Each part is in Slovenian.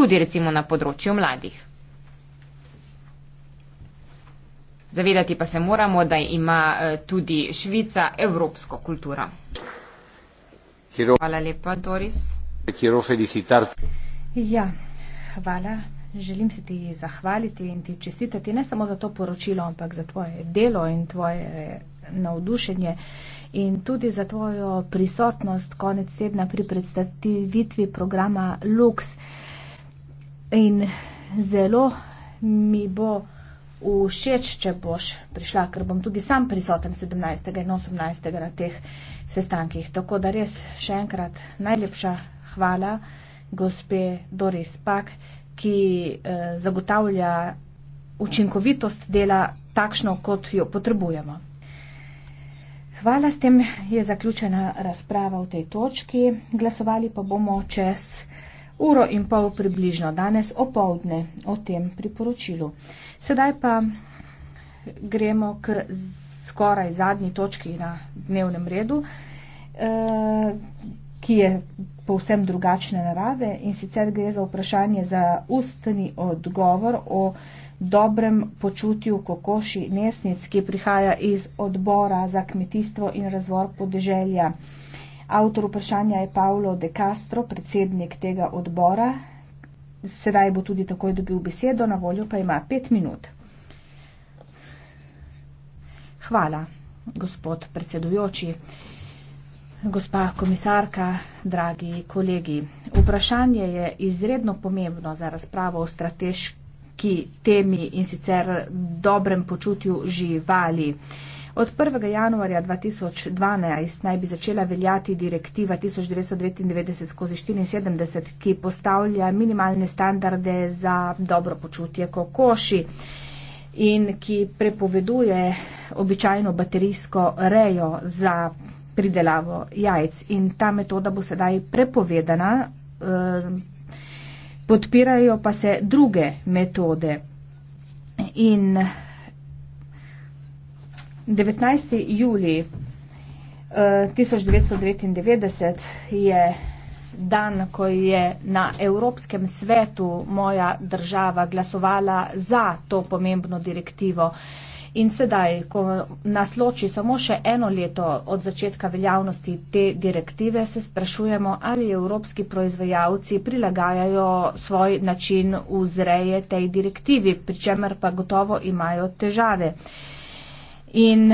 tudi recimo na področju mladih. Zavedati pa se moramo, da ima eh, tudi Švica evropsko kulturo. Quiero... Hvala lepa, Doris. Ja, hvala. Želim se ti zahvaliti in ti čestitati ne samo za to poročilo, ampak za tvoje delo in tvoje eh, navdušenje in tudi za tvojo prisotnost konec tedna pri predstavitvi programa Lux. In zelo mi bo všeč, če boš prišla, ker bom tudi sam prisoten 17. in 18. na teh sestankih. Tako da res še enkrat najlepša hvala gospe Doris Pak, ki eh, zagotavlja učinkovitost dela takšno, kot jo potrebujemo. Hvala, s tem je zaključena razprava v tej točki. Glasovali pa bomo čez uro in pol približno danes opoldne o tem priporočilu. Sedaj pa gremo k skoraj zadnji točki na dnevnem redu, eh, ki je povsem drugačne narave in sicer gre za vprašanje za ustni odgovor o dobrem počutju kokoši mesnic, ki prihaja iz odbora za kmetijstvo in razvor podeželja. Avtor vprašanja je Paolo De Castro, predsednik tega odbora. Sedaj bo tudi takoj dobil besedo, na voljo pa ima pet minut. Hvala, gospod predsedujoči, gospa komisarka, dragi kolegi. Vprašanje je izredno pomembno za razpravo o strateški temi in sicer dobrem počutju živali. Uh, Od 1. januarja 2012 naj bi začela veljati direktiva 1999-74, ki postavlja minimalne standarde za dobro počutje kokoši in ki prepoveduje običajno baterijsko rejo za pridelavo jajc. In ta metoda bo sedaj prepovedana, eh, podpirajo pa se druge metode. In 19. juli uh, eh, 1999 je dan, ko je na Evropskem svetu moja država glasovala za to pomembno direktivo. In sedaj, ko nas loči samo še eno leto od začetka veljavnosti te direktive, se sprašujemo, ali evropski proizvajalci prilagajajo svoj način vzreje tej direktivi, pri čemer pa gotovo imajo težave. Uh, In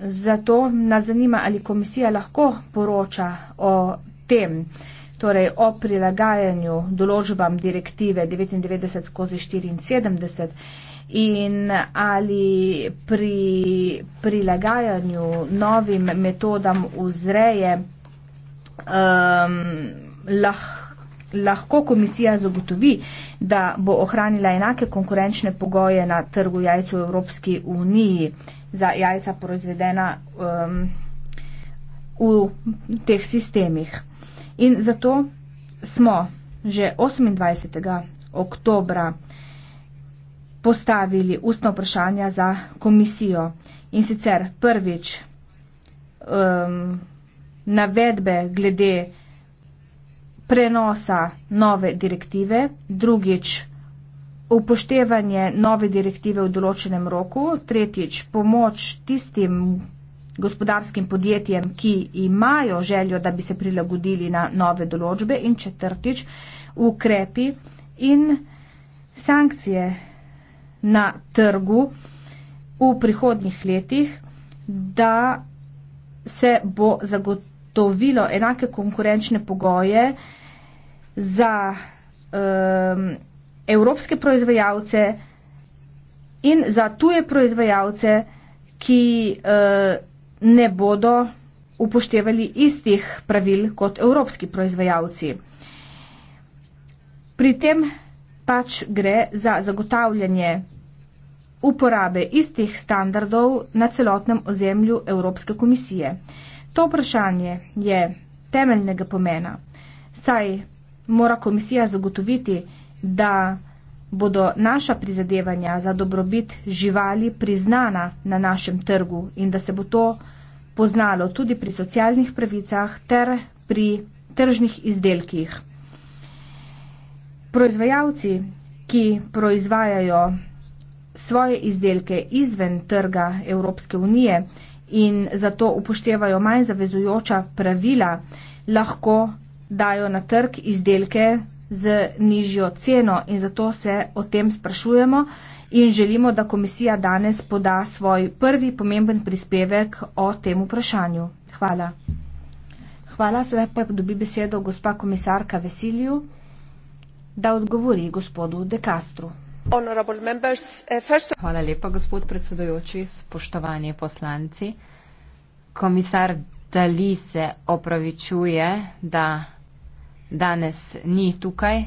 zato nas zanima, ali komisija lahko poroča o tem, torej o prilagajanju določbam direktive 99 skozi 74 in ali pri prilagajanju novim metodam vzreje um, lahko lahko komisija zagotovi, da bo ohranila enake konkurenčne pogoje na trgu jajc v Evropski uniji za jajca proizvedena um, v teh sistemih. In zato smo že 28. oktobra postavili ustno vprašanje za komisijo in sicer prvič um, navedbe glede prenosa nove direktive, drugič upoštevanje nove direktive v določenem roku, tretjič pomoč tistim gospodarskim podjetjem, ki imajo željo, da bi se prilagodili na nove določbe in četrtič ukrepi in sankcije na trgu v prihodnjih letih, da se bo zagotovilo enake konkurenčne pogoje za um, evropske proizvajalce in za tuje proizvajalce, ki uh, ne bodo upoštevali istih pravil kot evropski proizvajalci. Pri tem pač gre za zagotavljanje uporabe istih standardov na celotnem ozemlju Evropske komisije. To vprašanje je temeljnega pomena, saj mora komisija zagotoviti, da bodo naša prizadevanja za dobrobit živali priznana na našem trgu in da se bo to poznalo tudi pri socialnih pravicah ter pri tržnih izdelkih. Proizvajalci, ki proizvajajo svoje izdelke izven trga Evropske unije in zato upoštevajo manj zavezujoča pravila, lahko dajo na trg izdelke z nižjo ceno in zato se o tem sprašujemo in želimo, da komisija danes poda svoj prvi pomemben prispevek o tem vprašanju. Hvala. Hvala, sedaj pa dobi besedo gospa komisarka Vesilju, da odgovori gospodu De Castru. Eh, Hvala lepa, gospod predsedujoči, spoštovani poslanci. Komisar Dali se opravičuje, da danes ni tukaj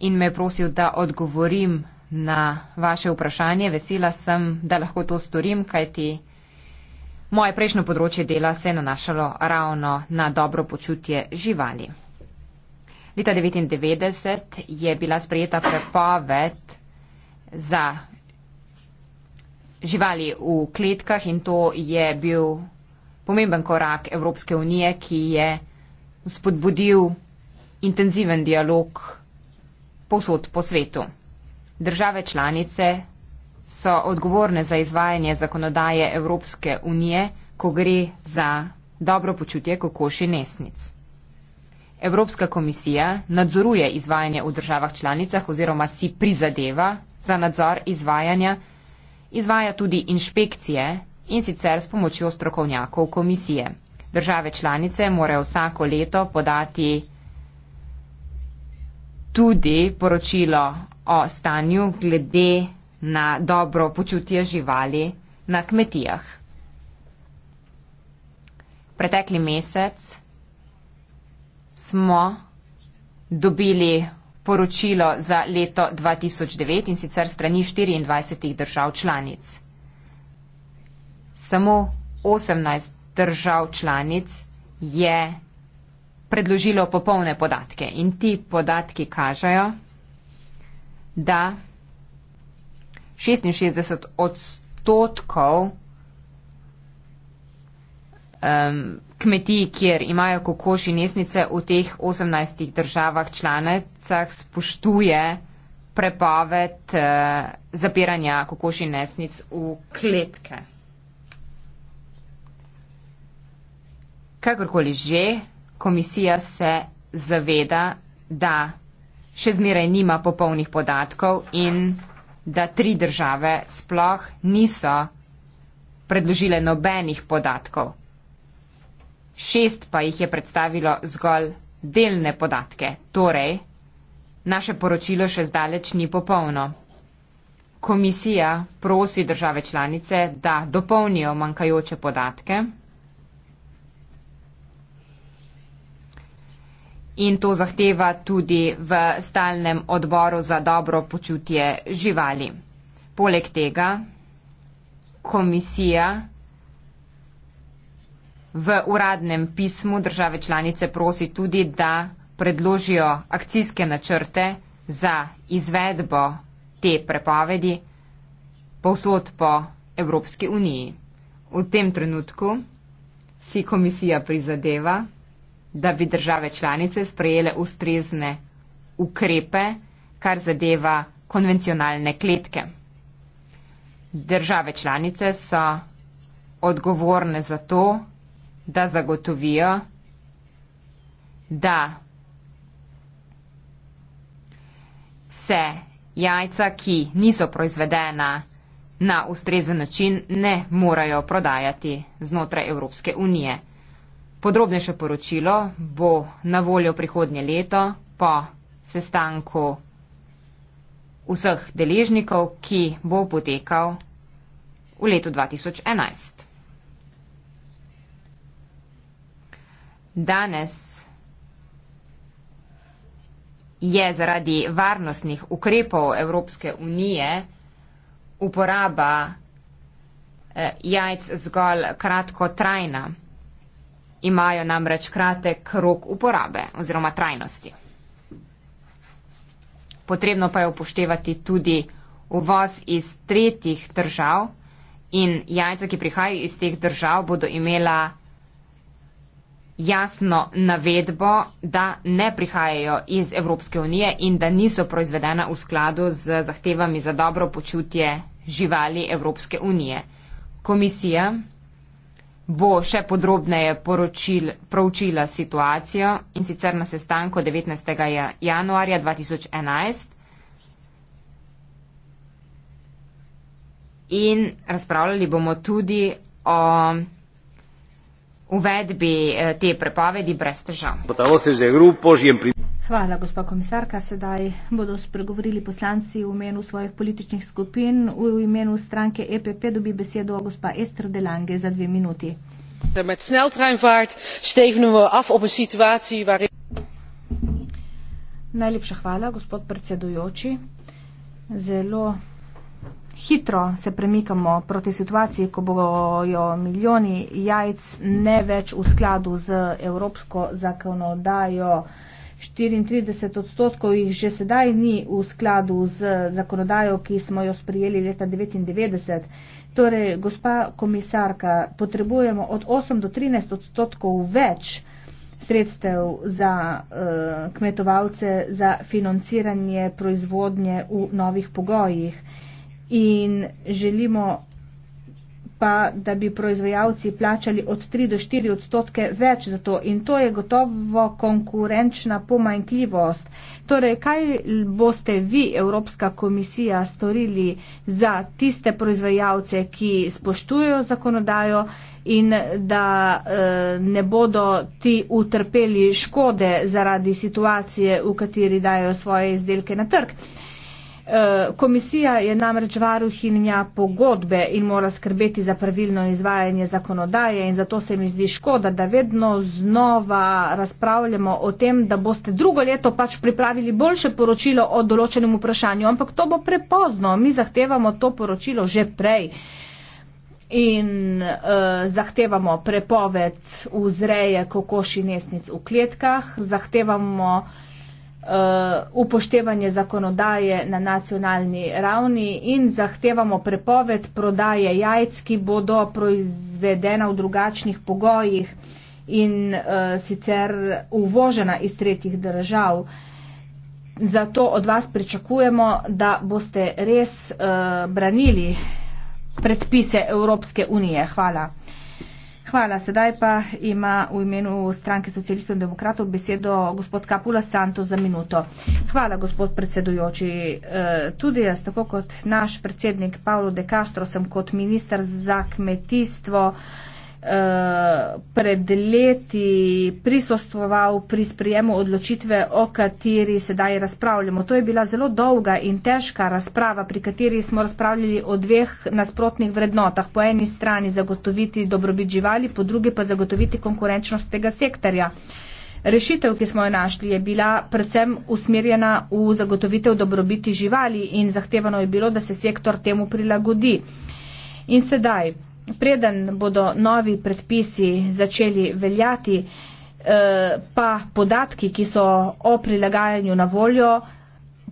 in me je prosil, da odgovorim na vaše vprašanje. Vesela sem, da lahko to storim, kajti moje prejšnjo področje dela se je nanašalo ravno na dobro počutje živali. Leta 1999 je bila sprejeta prepoved za živali v kletkah in to je bil pomemben korak Evropske unije, ki je spodbudil intenziven dialog povsod po svetu. Države članice so odgovorne za izvajanje zakonodaje Evropske unije, ko gre za dobro počutje kokoši nesnic. Evropska komisija nadzoruje izvajanje v državah članicah oziroma si prizadeva za nadzor izvajanja, izvaja tudi inšpekcije in sicer s pomočjo strokovnjakov komisije. Države članice morajo vsako leto podati tudi poročilo o stanju glede na dobro počutje živali na kmetijah. Pretekli mesec smo dobili poročilo za leto 2009 in sicer strani 24 držav članic. Samo 18 držav članic je predložilo popolne podatke in ti podatki kažejo, da 66 odstotkov um, kmetij, kjer imajo kokoš in jesnice v teh 18 državah članicah, spoštuje prepoved uh, zapiranja kokoš in jesnic v kletke. kakorkoli že, komisija se zaveda, da še zmeraj nima popolnih podatkov in da tri države sploh niso predložile nobenih podatkov. Šest pa jih je predstavilo zgolj delne podatke, torej naše poročilo še zdaleč ni popolno. Komisija prosi države članice, da dopolnijo manjkajoče podatke. in to zahteva tudi v stalnem odboru za dobro počutje živali. Poleg tega komisija v uradnem pismu države članice prosi tudi, da predložijo akcijske načrte za izvedbo te prepovedi povsod po Evropski uniji. V tem trenutku si komisija prizadeva, da bi države članice sprejele ustrezne ukrepe, kar zadeva konvencionalne kletke. Države članice so odgovorne za to, da zagotovijo, da se jajca, ki niso proizvedena na ustrezen način, ne morajo prodajati znotraj Evropske unije. Podrobnejše poročilo bo na voljo prihodnje leto po sestanku vseh deležnikov, ki bo potekal v letu 2011. Danes je zaradi varnostnih ukrepov Evropske unije uporaba eh, jajc zgolj kratko trajna imajo namreč kratek rok uporabe oziroma trajnosti. Potrebno pa je upoštevati tudi uvoz iz tretjih držav in jajca, ki prihajajo iz teh držav, bodo imela jasno navedbo, da ne prihajajo iz Evropske unije in da niso proizvedena v skladu z zahtevami za dobro počutje živali Evropske unije. Komisija bo še podrobneje poročil, proučila situacijo in sicer na sestanku 19. Ja-, januarja 2011. In razpravljali bomo tudi o uvedbi eh, te prepovedi brez težav. Hvala, gospa komisarka. Sedaj bodo spregovorili poslanci v imenu svojih političnih skupin. V imenu stranke EPP dobi besedo gospa Ester Delange za dve minuti. Najlepša hvala, gospod predsedujoči. Zelo hitro se premikamo proti situaciji, ko bojo milijoni jajc ne več v skladu z evropsko zakonodajo. 34 odstotkov jih že sedaj ni v skladu z zakonodajo, ki smo jo sprijeli leta 1999. Torej, gospa komisarka, potrebujemo od 8 do 13 odstotkov več sredstev za uh, kmetovalce za financiranje proizvodnje v novih pogojih. In želimo pa da bi proizvajalci plačali od 3 do 4 odstotke več za to in to je gotovo konkurenčna pomanjkljivost. Torej, kaj boste vi, Evropska komisija, storili za tiste proizvajalce, ki spoštujejo zakonodajo in da eh, ne bodo ti utrpeli škode zaradi situacije, v kateri dajo svoje izdelke na trg? Eh, Eh, komisija je namreč varuhinja pogodbe in mora skrbeti za pravilno izvajanje zakonodaje in zato se mi zdi škoda, da vedno znova razpravljamo o tem, da boste drugo leto pač pripravili boljše poročilo o določenem vprašanju, ampak to bo prepozno. Mi zahtevamo to poročilo že prej in uh, zahtevamo prepoved vzreje kokoši nesnic v kletkah, zahtevamo uh, Uh, upoštevanje zakonodaje na nacionalni ravni in zahtevamo prepoved prodaje jajc, ki bodo proizvedena v drugačnih pogojih in uh, sicer uvožena iz tretjih držav. Zato od vas pričakujemo, da boste res uh, branili predpise Evropske unije. Hvala. Hvala. Sedaj pa ima v imenu stranke socialistov in demokratov besedo gospod Kapula Santo za minuto. Hvala, gospod predsedujoči. E, tudi jaz, tako kot naš predsednik Pavlo de Castro, sem kot minister za kmetijstvo. Eh, pred leti prisostoval pri sprijemu odločitve, o kateri sedaj razpravljamo. To je bila zelo dolga in težka razprava, pri kateri smo razpravljali o dveh nasprotnih vrednotah. Po eni strani zagotoviti dobrobit živali, po drugi pa zagotoviti konkurenčnost tega sektorja. Rešitev, ki smo jo našli, je bila predvsem usmerjena v zagotovitev dobrobiti živali in zahtevano je bilo, da se sektor temu prilagodi. In sedaj preden bodo novi predpisi začeli veljati, eh, pa podatki, ki so o prilagajanju na voljo,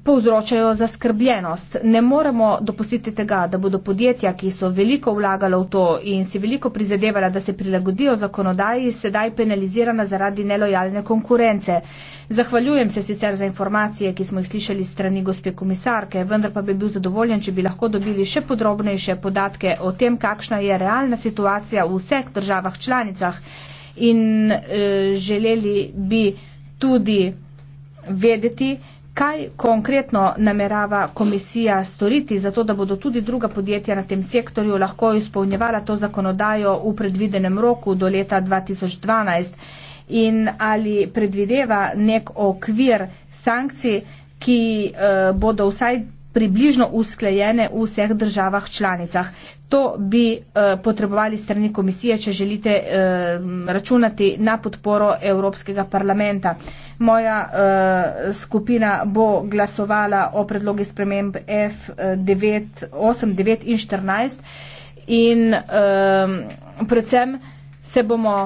povzročajo zaskrbljenost. Ne moremo dopustiti tega, da bodo podjetja, ki so veliko vlagala v to in si veliko prizadevala, da se prilagodijo zakonodaji, sedaj penalizirana zaradi nelojalne konkurence. Zahvaljujem se sicer za informacije, ki smo jih slišali strani gospe komisarke, vendar pa bi bil zadovoljen, če bi lahko dobili še podrobnejše podatke o tem, kakšna je realna situacija v vseh državah članicah in e, želeli bi tudi vedeti, Kaj konkretno namerava komisija storiti, zato da bodo tudi druga podjetja na tem sektorju lahko izpolnjevala to zakonodajo v predvidenem roku do leta 2012? In ali predvideva nek okvir sankcij, ki eh, bodo vsaj približno usklejene v vseh državah članicah. To bi eh, potrebovali strani komisije, če želite eh, računati na podporo Evropskega parlamenta. Moja eh, skupina bo glasovala o predlogi sprememb F8, 9 in 14 in eh, predvsem se bomo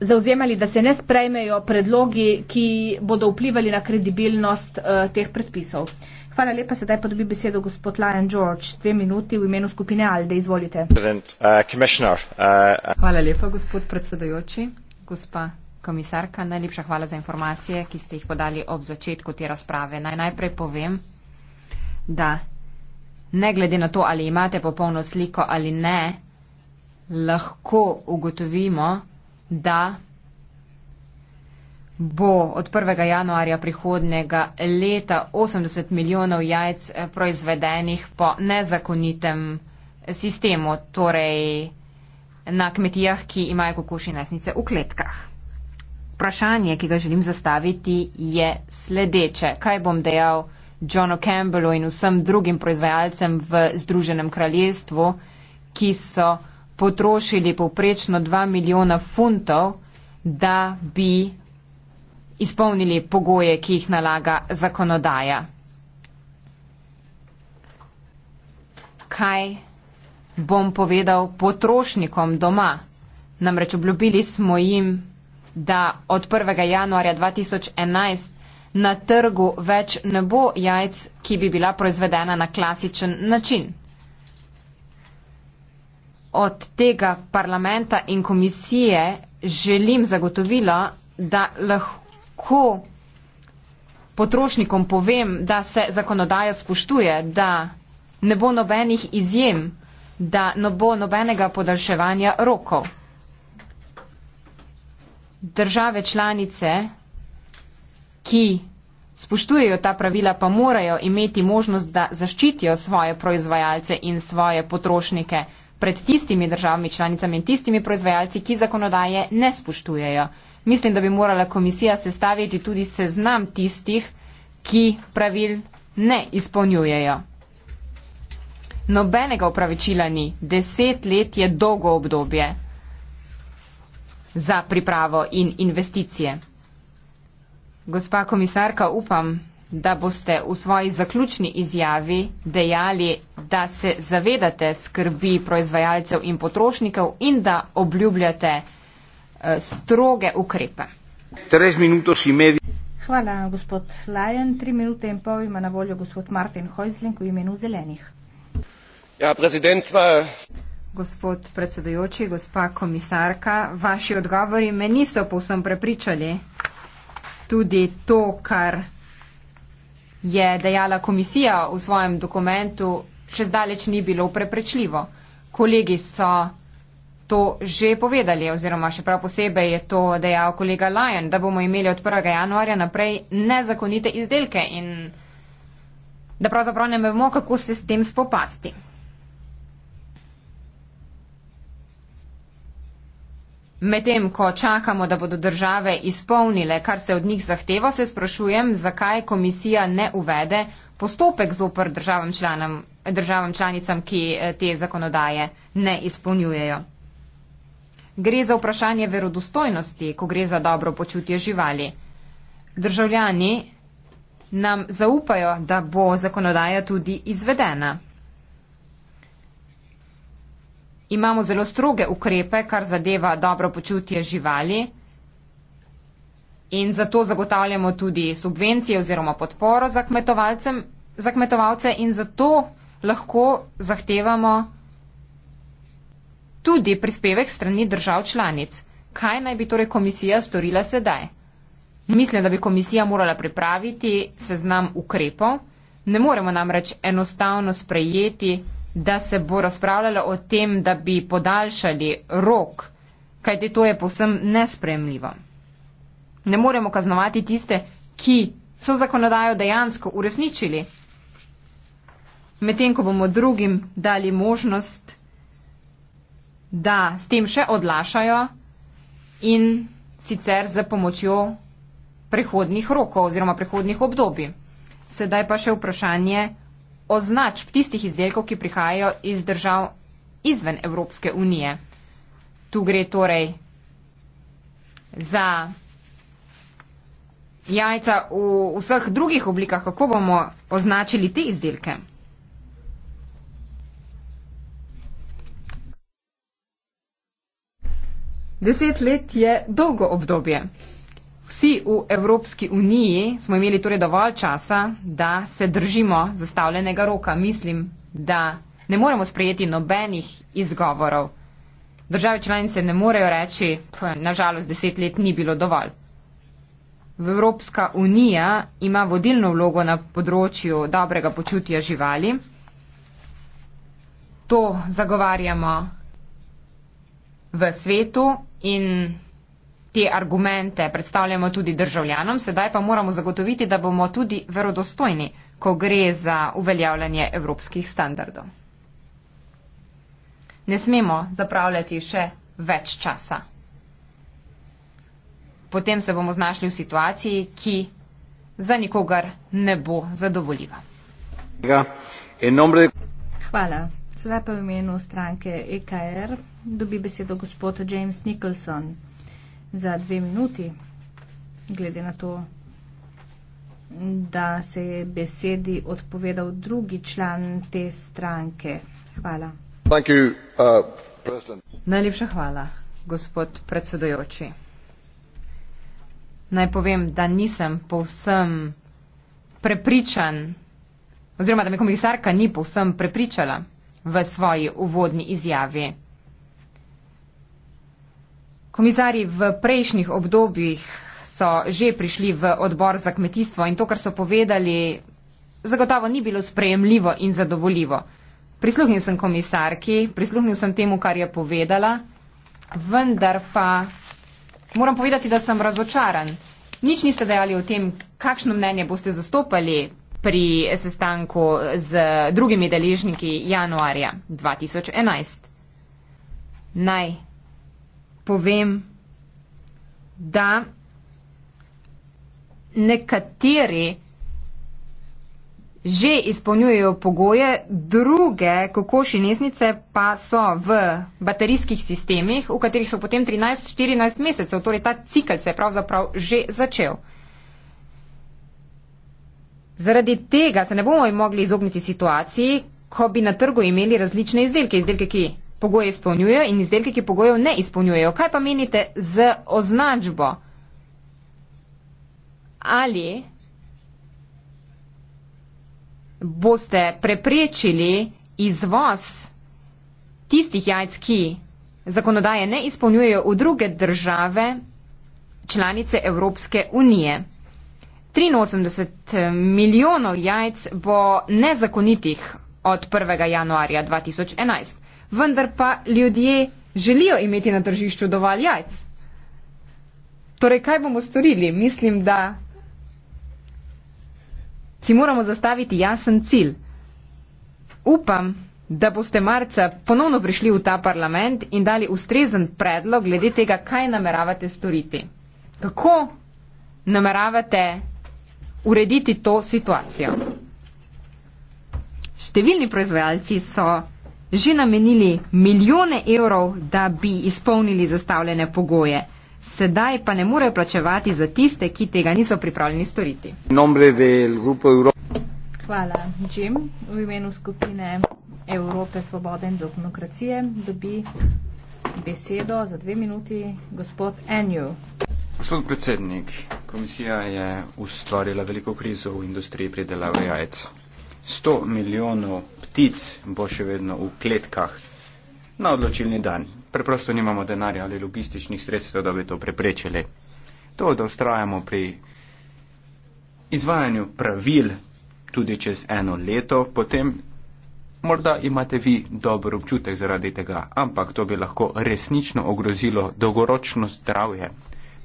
zauzemali, da se ne sprejmejo predlogi, ki bodo vplivali na kredibilnost uh, teh predpisov. Hvala lepa, sedaj pa dobi besedo gospod Lion George. Dve minuti v imenu skupine Alde, izvolite. Eh, eh, hvala lepa, gospod predsedujoči, gospa komisarka. Najlepša hvala za informacije, ki ste jih podali ob začetku te razprave. Naj najprej povem, da ne glede na to, ali imate popolno sliko ali ne, lahko ugotovimo, da bo od 1. januarja prihodnega leta 80 milijonov jajc eh, proizvedenih po nezakonitem eh, sistemu, torej na kmetijah, ki imajo kokoši nasnice v kletkah. Vprašanje, ki ga želim zastaviti, je sledeče. Kaj bom dejal Johnu Campbellu in vsem drugim proizvajalcem v Združenem kraljestvu, ki so potrošili poprečno 2 milijona funtov, da bi izpolnili pogoje, ki jih nalaga zakonodaja. Kaj bom povedal potrošnikom doma? Namreč obljubili smo jim, da od 1. januarja 2011 na trgu več ne bo jajc, ki bi bila proizvedena na klasičen način od tega parlamenta in komisije želim zagotovila, da lahko potrošnikom povem, da se zakonodaja spoštuje, da ne bo nobenih izjem, da ne bo nobenega podaljševanja rokov. Države članice, ki spoštujejo ta pravila, pa morajo imeti možnost, da zaščitijo svoje proizvajalce in svoje potrošnike pred tistimi državami članicami in tistimi proizvajalci, ki zakonodaje ne spoštujejo. Mislim, da bi morala komisija sestaviti tudi seznam tistih, ki pravil ne izpolnjujejo. Nobenega upravičila ni. Deset let je dolgo obdobje za pripravo in investicije. Gospa komisarka, upam, da boste v svoji zaključni izjavi dejali, da se zavedate skrbi proizvajalcev in potrošnikov in da obljubljate eh, stroge ukrepe. Hvala, gospod Lajen. Tri minute in pol ima na voljo gospod Martin Hojzling v imenu zelenih. Ja, gospod predsedujoči, gospa komisarka, vaši odgovori me niso povsem prepričali. Tudi to, kar je dejala komisija v svojem dokumentu, še zdaleč ni bilo preprečljivo. Kolegi so to že povedali, oziroma še prav posebej je to dejal kolega Lajen, da bomo imeli od 1. januarja naprej nezakonite izdelke in da pravzaprav ne vemo, kako se s tem spopasti. Medtem ko čakamo, da bodo države izpolnile, kar se od njih zahteva, se sprašujem, zakaj komisija ne uvede postopek zoper državam, članam, državam članicam, ki eh, te zakonodaje ne izpolnjujejo. Gre za vprašanje verodostojnosti, ko gre za dobro počutje živali. Državljani nam zaupajo, da bo zakonodaja tudi izvedena imamo zelo stroge ukrepe, kar zadeva dobro počutje živali. In zato zagotavljamo tudi subvencije oziroma podporo za, za kmetovalce in zato lahko zahtevamo tudi prispevek strani držav članic. Kaj naj bi torej komisija storila sedaj? Mislim, da bi komisija morala pripraviti seznam ukrepov. Ne moremo namreč enostavno sprejeti da se bo razpravljalo o tem, da bi podaljšali rok, kajti to je povsem nespremljivo. Ne moremo kaznovati tiste, ki so zakonodajo dejansko uresničili, medtem ko bomo drugim dali možnost, da s tem še odlašajo in sicer z pomočjo prehodnih rokov oziroma prehodnih obdobij. Sedaj pa še vprašanje označb tistih izdelkov, ki prihajajo iz držav izven Evropske unije. Tu gre torej za jajca v vseh drugih oblikah, kako bomo označili te izdelke. Deset let je dolgo obdobje. Vsi v Evropski uniji smo imeli torej dovolj časa, da se držimo zastavljenega roka. Mislim, da ne moremo sprejeti nobenih izgovorov. Države članice ne morejo reči, nažalost, deset let ni bilo dovolj. Evropska unija ima vodilno vlogo na področju dobrega počutja živali. To zagovarjamo v svetu in te argumente predstavljamo tudi državljanom, sedaj pa moramo zagotoviti, da bomo tudi verodostojni, ko gre za uveljavljanje evropskih standardov. Ne smemo zapravljati še več časa. Potem se bomo znašli v situaciji, ki za nikogar ne bo zadovoljiva. Ja, Hvala. Sedaj pa v imenu stranke EKR dobi besedo gospod James Nicholson za dve minuti, glede na to, da se je besedi odpovedal drugi član te stranke. Hvala. Thank you, uh, Najlepša hvala, gospod predsedojoči. Naj povem, da nisem povsem prepričan, oziroma da me komisarka ni povsem prepričala v svoji uvodni izjavi. Komisari v prejšnjih obdobjih so že prišli v odbor za kmetijstvo in to, kar so povedali, zagotovo ni bilo sprejemljivo in zadovoljivo. Prisluhnil sem komisarki, prisluhnil sem temu, kar je povedala, vendar pa moram povedati, da sem razočaran. Nič niste dejali o tem, kakšno mnenje boste zastopali pri sestanku z drugimi deležniki januarja 2011. Naj povem, da nekateri že izpolnjujejo pogoje, druge kokoši nesnice pa so v baterijskih sistemih, v katerih so potem 13-14 mesecev, torej ta cikl se je pravzaprav že začel. Zaradi tega se ne bomo mogli izogniti situaciji, ko bi na trgu imeli različne izdelke, izdelke, ki pogoje izpolnjujejo in izdelke, ki pogojev ne izpolnjujejo. Kaj pa menite z označbo? Ali boste preprečili izvoz tistih jajc, ki zakonodaje ne izpolnjujejo v druge države članice Evropske unije? 83 eh, milijonov jajc bo nezakonitih od 1. januarja 2011 vendar pa ljudje želijo imeti na tržišču dovolj jajc. Torej, kaj bomo storili? Mislim, da si moramo zastaviti jasen cilj. Upam, da boste marca ponovno prišli v ta parlament in dali ustrezen predlog glede tega, kaj nameravate storiti. Kako nameravate urediti to situacijo? Številni proizvajalci so že namenili milijone evrov, da bi izpolnili zastavljene pogoje. Sedaj pa ne morejo plačevati za tiste, ki tega niso pripravljeni storiti. Hvala, Jim. V imenu skupine Evrope svobode in demokracije dobi besedo za dve minuti gospod Enju. Gospod predsednik, komisija je ustvarila veliko krizo v industriji predelave jajc. 100 milijonov ptic bo še vedno v kletkah na odločilni dan. Preprosto nimamo denarja ali logističnih sredstev, da bi to preprečili. To, da ustrajamo pri izvajanju pravil tudi čez eno leto, potem morda imate vi dober občutek zaradi tega, ampak to bi lahko resnično ogrozilo dolgoročno zdravje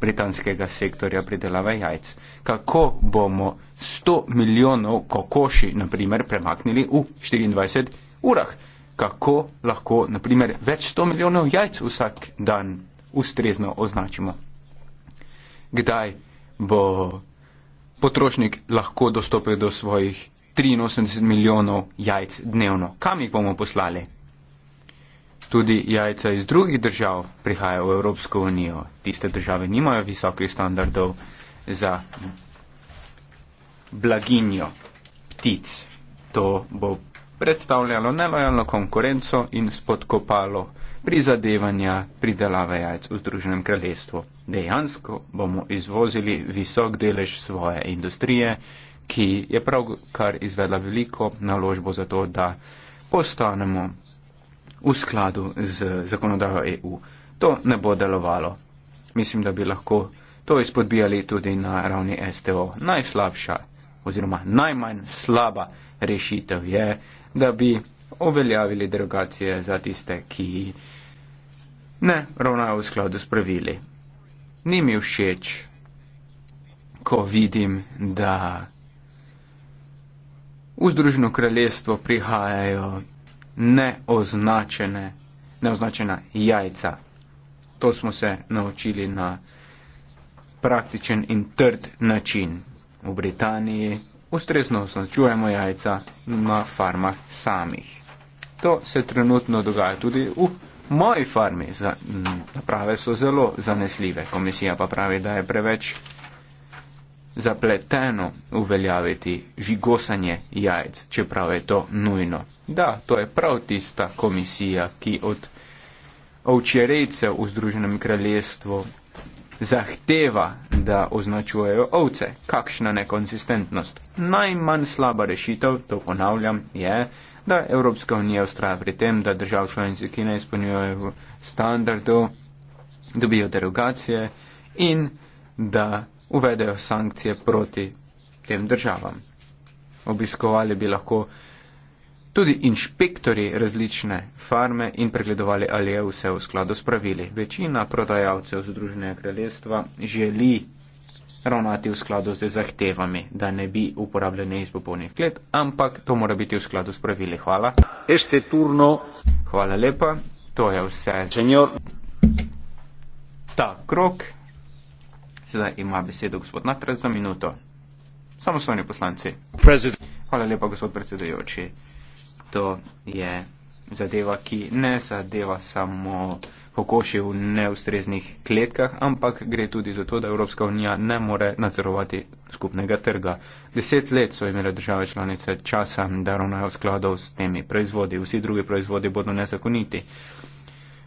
britanskega sektorja pridelave jajc. Kako bomo 100 milijonov kokoši, naprimer, premaknili v 24 urah? Kako lahko, naprimer, več 100 milijonov jajc vsak dan ustrezno označimo? Kdaj bo potrošnik lahko dostopil do svojih 83 milijonov jajc dnevno? Kam jih bomo poslali? Tudi jajca iz drugih držav prihajajo v Evropsko unijo. Tiste države nimajo visokih standardov za blaginjo ptic. To bo predstavljalo nelojalno konkurenco in spodkopalo prizadevanja pridelave jajc v Združenem kraljestvu. Dejansko bomo izvozili visok delež svoje industrije, ki je pravkar izvedla veliko naložbo za to, da postanemo v skladu z zakonodajo EU. To ne bo delovalo. Mislim, da bi lahko to izpodbijali tudi na ravni STO. Najslabša oziroma najmanj slaba rešitev je, da bi uveljavili derogacije za tiste, ki ne ravnajo v skladu s pravili. Ni mi všeč, ko vidim, da v Združeno kraljestvo prihajajo neoznačene, neoznačena jajca. To smo se naučili na praktičen in trd način. V Britaniji ustrezno označujemo jajca na farmah samih. To se trenutno dogaja tudi v moji farmi. Naprave so zelo zanesljive, komisija pa pravi, da je preveč zapleteno uveljaviti žigosanje jajc, čeprav je to nujno. Da, to je prav tista komisija, ki od ovčerejcev v Združenem kraljestvu zahteva, da označujejo ovce. Kakšna nekonsistentnost. Najmanj slaba rešitev, to ponavljam, je, da Evropska unija ustraja pri tem, da držav članice, ki ne izpolnjujejo standardov, dobijo derogacije in da uvedejo sankcije proti tem državam. Obiskovali bi lahko tudi inšpektori različne farme in pregledovali, ali je vse v skladu s pravili. Večina prodajalcev Združenega kraljestva želi ravnati v skladu z zahtevami, da ne bi uporabljali neizpopolnih klet, ampak to mora biti v skladu s pravili. Hvala. Ešte turno. Hvala lepa. To je vse. Senjor. Ta krok. Sedaj ima besedo gospod Natrez za minuto. Samostojni poslanci. President. Hvala lepa, gospod predsedujoči. To je zadeva, ki ne zadeva samo kokoši v neustreznih kletkah, ampak gre tudi za to, da Evropska unija ne more nadzorovati skupnega trga. Deset let so imele države članice časa, da ravnajo skladov s temi proizvodi. Vsi drugi proizvodi bodo nezakoniti.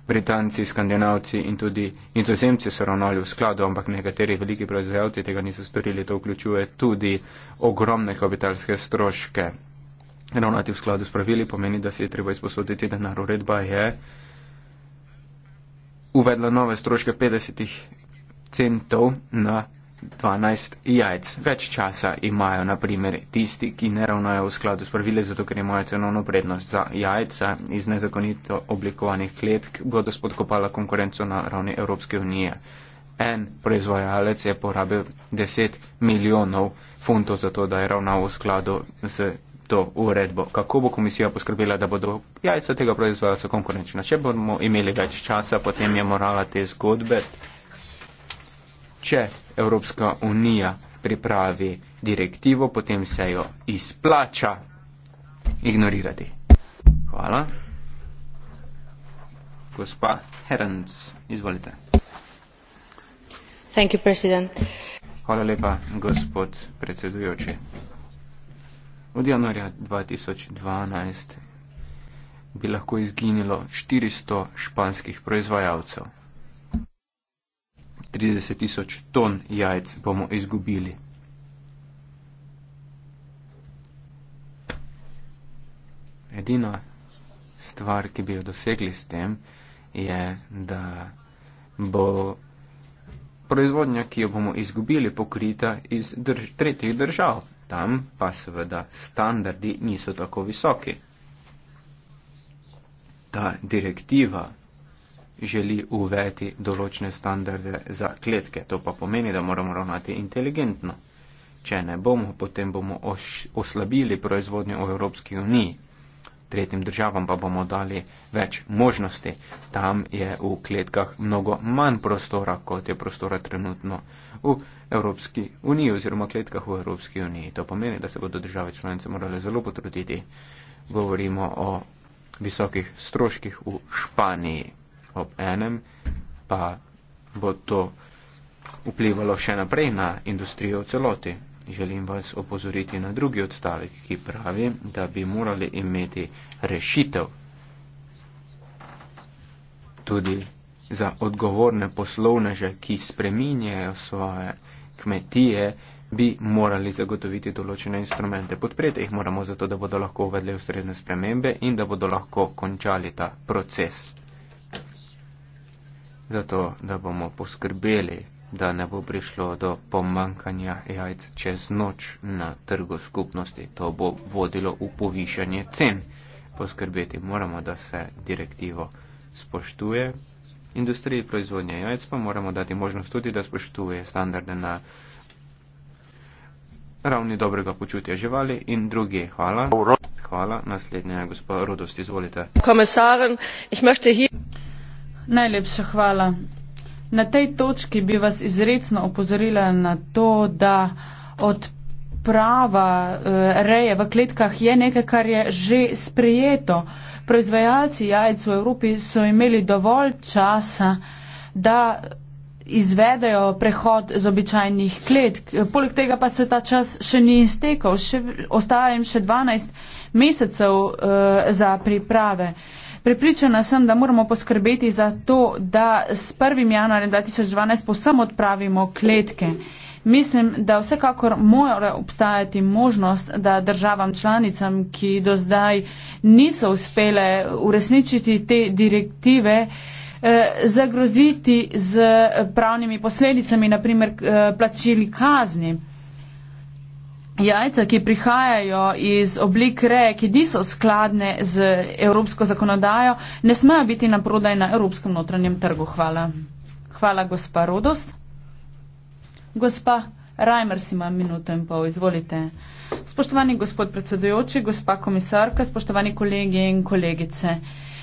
Britanci, Skandinavci in tudi nizozemci so ravnali v skladu, ampak nekateri veliki proizvajalci tega niso storili. To vključuje tudi ogromne kapitalske stroške. Ravnati v skladu s pravili pomeni, da se je treba izposoditi denar. Uredba je uvedla nove stroške 50 centov na 12 jajc. Več časa imajo, na primer, tisti, ki ne ravnajo v skladu s pravili, zato ker imajo cenovno prednost za jajca iz nezakonito oblikovanih kletk, bodo spodkopala konkurenco na ravni Evropske unije. En proizvajalec je porabil 10 milijonov funtov za to, da je ravnal v skladu z to uredbo. Kako bo komisija poskrbela, da bodo jajca tega proizvajalca konkurenčna? Če bomo imeli več časa, potem je morala te zgodbe če Evropska unija pripravi direktivo, potem se jo izplača ignorirati. Hvala. Gospa Herenc, izvolite. Thank you, president. Hvala lepa, gospod predsedujoči. Od januarja 2012 bi lahko izginilo 400 španskih proizvajalcev. 30 tisoč ton jajc bomo izgubili. Edina stvar, ki bi jo dosegli s tem, je, da bo proizvodnja, ki jo bomo izgubili, pokrita iz drž tretjih držav. Tam pa seveda standardi niso tako visoki. Ta direktiva želi uvesti določene standarde za kletke. To pa pomeni, da moramo ravnati inteligentno. Če ne bomo, potem bomo oslabili proizvodnjo v Evropski uniji. Tretjim državam pa bomo dali več možnosti. Tam je v kletkah mnogo manj prostora, kot je prostora trenutno v Evropski uniji oziroma kletkah v Evropski uniji. To pomeni, da se bodo države članice morale zelo potruditi. Govorimo o visokih stroških v Španiji ob enem, pa bo to vplivalo še naprej na industrijo v celoti. Želim vas opozoriti na drugi odstavek, ki pravi, da bi morali imeti rešitev tudi za odgovorne poslovneže, ki spreminjajo svoje kmetije, bi morali zagotoviti določene instrumente. Podpreti jih moramo zato, da bodo lahko uvedli ustrezne spremembe in da bodo lahko končali ta proces zato da bomo poskrbeli, da ne bo prišlo do pomankanja jajc čez noč na trgu skupnosti. To bo vodilo v povišanje cen. Poskrbeti moramo, da se direktivo spoštuje. Industriji proizvodnje jajc pa moramo dati možnost tudi, da spoštuje standarde na ravni dobrega počutja živali in druge. Hvala. Hvala. Naslednja je gospod Rodost. Izvolite. Najlepša hvala. Na tej točki bi vas izredno opozorila na to, da odprava eh, reje v kletkah je nekaj, kar je že sprejeto. Proizvajalci jajc v Evropi so imeli dovolj časa, da izvedejo prehod z običajnih kletk. Poleg tega pa se ta čas še ni iztekal. Ostaja jim še 12 mesecev uh, za priprave. Uh, Pripričana sem, da moramo poskrbeti za to, da s 1. januarjem 2012 posem odpravimo kletke. Mislim, da vsekakor mora obstajati možnost, da državam članicam, ki do zdaj niso uspele uresničiti te direktive, eh, zagroziti z pravnimi posledicami, naprimer eh, plačili kazni. Jajca, ki prihajajo iz oblik reje, ki niso skladne z evropsko zakonodajo, ne smejo biti na prodaj na evropskem notranjem trgu. Hvala. Hvala, gospa Rodost. Gospa Reimer, si ima minuto in pol. Izvolite. Spoštovani gospod predsedujoči, gospa komisarka, spoštovani kolegi in kolegice.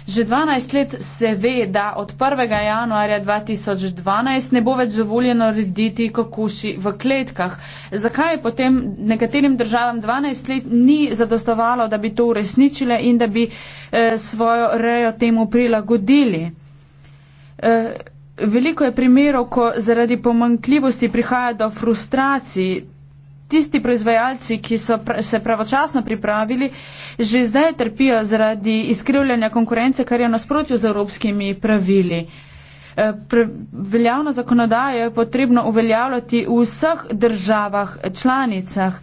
Že 12 let se ve, da od 1. januarja 2012 ne bo več zavoljeno rediti kokuši v kletkah. Zakaj je potem nekaterim državam 12 let ni zadostovalo, da bi to uresničile in da bi eh, svojo rejo temu prilagodili? Eh, veliko je primerov, ko zaradi pomankljivosti prihaja do frustracij tisti proizvajalci, ki so se pravočasno pripravili, že zdaj trpijo zaradi izkrivljanja konkurence, kar je nasprotju z evropskimi pravili. Eh, veljavno zakonodajo je potrebno uveljavljati v vseh državah, članicah.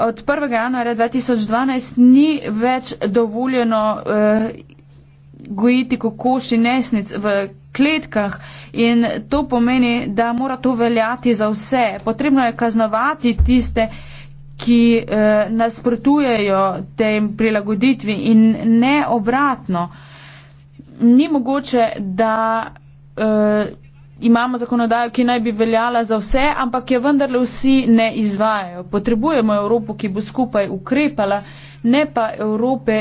Od 1. januarja 2012 ni več dovoljeno eh, gojiti kokoši nesnic v kletkah in to pomeni, da mora to veljati za vse. Potrebno je kaznovati tiste, ki eh, nasprotujejo tem prilagoditvi in ne obratno. Ni mogoče, da eh, imamo zakonodajo, ki naj bi veljala za vse, ampak je vendarle vsi ne izvajajo. Potrebujemo Evropo, ki bo skupaj ukrepala, ne pa Evrope,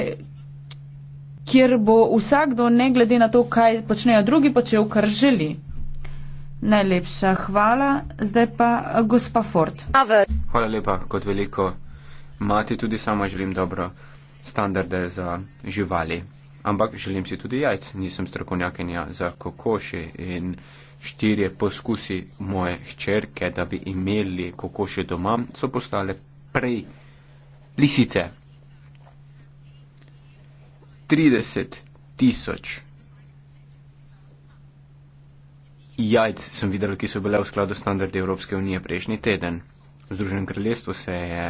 kjer bo vsakdo, ne glede na to, kaj počnejo drugi, počel, kar želi. Najlepša hvala, zdaj pa eh, gospa Ford. Hvala lepa, kot veliko mati tudi sama želim dobro standarde za živali. Ampak želim si tudi jajc, nisem strokovnjakinja za kokoši in štirje poskusi moje hčerke, da bi imeli kokoši doma, so postale prej lisice. 30 tisoč jajc, sem videl, ki so bile v skladu standardi Evropske unije prejšnji teden. V Združenem kraljestvu se je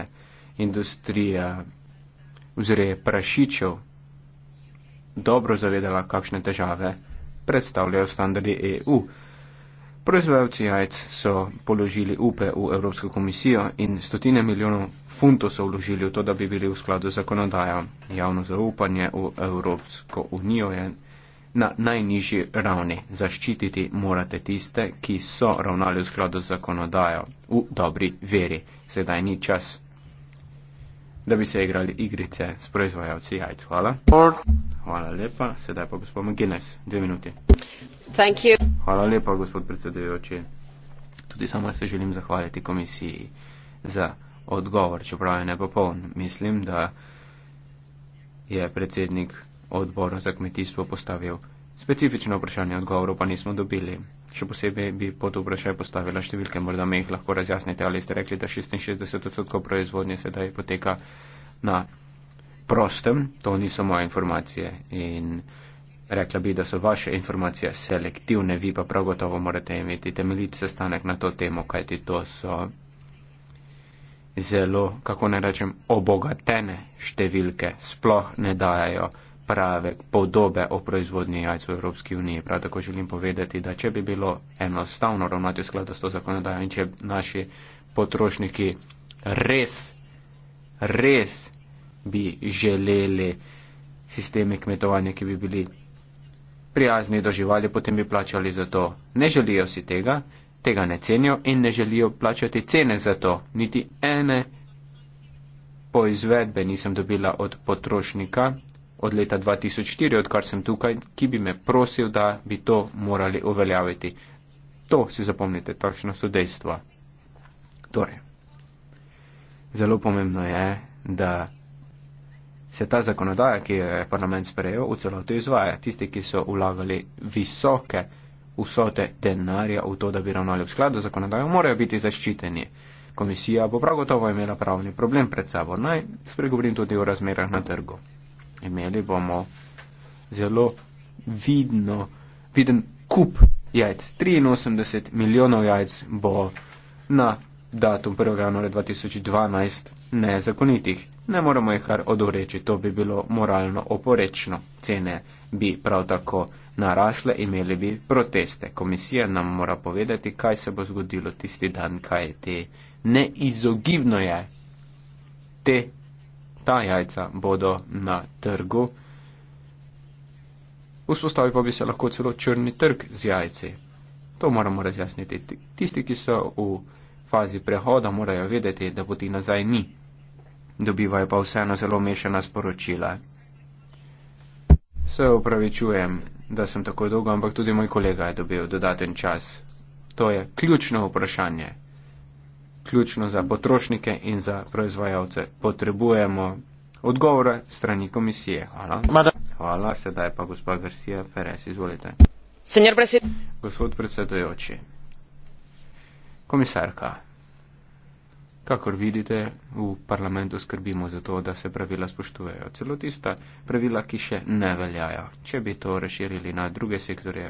industrija vzreje prašičev dobro zavedala, kakšne težave predstavljajo standardi EU. Proizvajalci jajc so položili upe v Evropsko komisijo in stotine milijonov funtov so vložili v to, da bi bili v skladu z zakonodajo. Javno zaupanje v Evropsko unijo je na najnižji ravni. Zaščititi morate tiste, ki so ravnali v skladu z zakonodajo v dobri veri. Sedaj ni čas, da bi se igrali igrice s proizvajalci jajc. Hvala. Hvala lepa. Sedaj pa gospod Guinness. Dve minuti. Hvala lepa, gospod predsedujoči. Tudi sama se želim zahvaliti komisiji za odgovor, čeprav je nepopoln. Mislim, da je predsednik odbora za kmetijstvo postavil specifično vprašanje, odgovorov pa nismo dobili. Še posebej bi pod vprašanje postavila številke, morda me jih lahko razjasnite, ali ste rekli, da 66 odstotkov proizvodnje sedaj poteka na prostem. To niso moje informacije. In Rekla bi, da so vaše informacije selektivne, vi pa prav gotovo morate imeti temeljit sestanek na to temo, kajti to so zelo, kako ne rečem, obogatene številke, sploh ne dajajo prave podobe o proizvodnji jajc v Evropski uniji. Prav tako želim povedati, da če bi bilo enostavno ravnati v skladu s to zakonodajo in če naši potrošniki res, res bi želeli sisteme kmetovanja, ki bi bili prijazni do živali, potem bi plačali za to. Ne želijo si tega, tega ne cenijo in ne želijo plačati cene za to. Niti ene poizvedbe nisem dobila od potrošnika od leta 2004, odkar sem tukaj, ki bi me prosil, da bi to morali uveljaviti. To si zapomnite, takšno so dejstva. Torej, zelo pomembno je, da se ta zakonodaja, ki jo je parlament sprejel, v celoti izvaja. Tisti, ki so vlagali visoke vsote denarja v to, da bi ravnali v skladu z zakonodajo, morajo biti zaščiteni. Komisija bo prav gotovo imela pravni problem pred sabo. Naj spregovorim tudi o razmerah na trgu. Imeli bomo zelo vidno, viden kup jajc. 83 milijonov jajc bo na datum 1. januarja 2012 nezakonitih. Ne moremo jih kar odoreči, to bi bilo moralno oporečno. Cene bi prav tako narasle, imeli bi proteste. Komisija nam mora povedati, kaj se bo zgodilo tisti dan, kaj je te. Neizogibno je, te, ta jajca bodo na trgu. Vzpostavi pa bi se lahko celo črni trg z jajci. To moramo razjasniti. Tisti, ki so v fazi prehoda, morajo vedeti, da poti nazaj ni dobivajo pa vseeno zelo mešana sporočila. Se upravičujem, da sem tako dolgo, ampak tudi moj kolega je dobil dodaten čas. To je ključno vprašanje. Ključno za potrošnike in za proizvajalce. Potrebujemo odgovore strani komisije. Hvala. Hvala, sedaj pa gospod Garcia Perez, izvolite. Gospod predsedujoči. Komisarka. Kakor vidite, v parlamentu skrbimo za to, da se pravila spoštujejo. Celo tista pravila, ki še ne veljajo. Če bi to razširili na druge sektorje,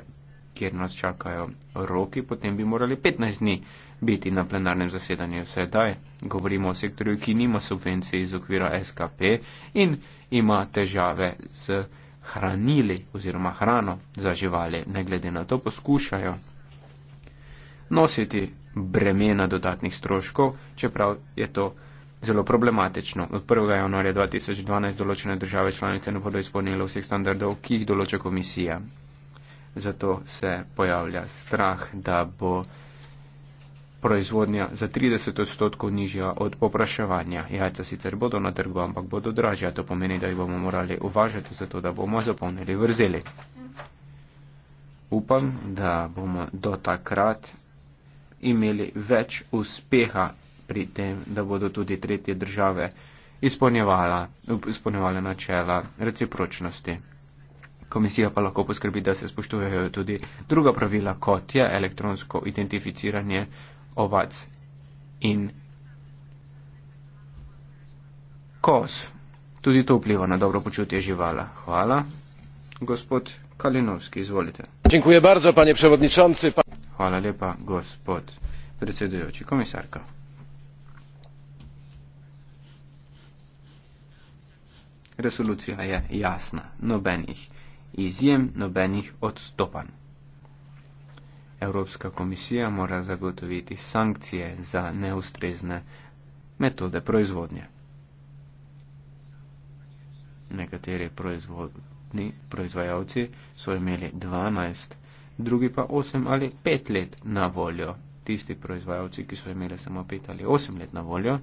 kjer nas čakajo roki, potem bi morali 15 dni biti na plenarnem zasedanju. Sedaj govorimo o sektorju, ki nima subvencij iz okvira SKP in ima težave z hranili oziroma hrano za živali. Ne glede na to poskušajo nositi bremena dodatnih stroškov, čeprav je to zelo problematično. Od 1. januarja 2012 določene države članice ne bodo izpolnile vseh standardov, ki jih določa komisija. Zato se pojavlja strah, da bo proizvodnja za 30 odstotkov nižja od popraševanja. Jajca sicer bodo na trgu, ampak bodo dražja. To pomeni, da jih bomo morali uvažati, zato da bomo zapolnili vrzeli. Upam, da bomo do takrat imeli več uspeha pri tem, da bodo tudi tretje države izpolnjevale načela recipročnosti. Komisija pa lahko poskrbi, da se spoštujejo tudi druga pravila, kot je elektronsko identificiranje ovac in kos. Tudi to vpliva na dobro počutje živala. Hvala. Gospod Kalinovski, izvolite. Dziękuję bardzo, panie przewodniczący. Pan... Hvala lepa, gospod predsedujoči. Komisarka. Resolucija je jasna. Nobenih izjem, nobenih odstopanj. Evropska komisija mora zagotoviti sankcije za neustrezne metode proizvodnje. Nekateri proizvodni proizvajalci so imeli 12 drugi pa 8 ali 5 let na voljo. Tisti proizvajalci, ki so imeli samo 5 ali 8 let na voljo.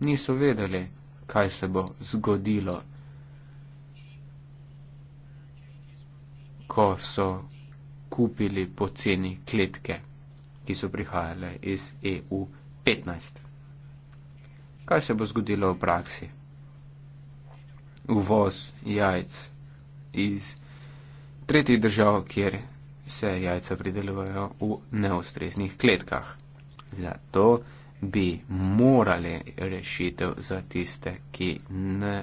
Niso vedeli, kaj se bo zgodilo, ko so kupili poceni kletke, ki so prihajale iz EU15. Kaj se bo zgodilo v praksi? uvoz jajc iz tretjih držav, kjer se jajca pridelujejo v neustreznih kletkah. Zato bi morali rešitev za tiste, ki ne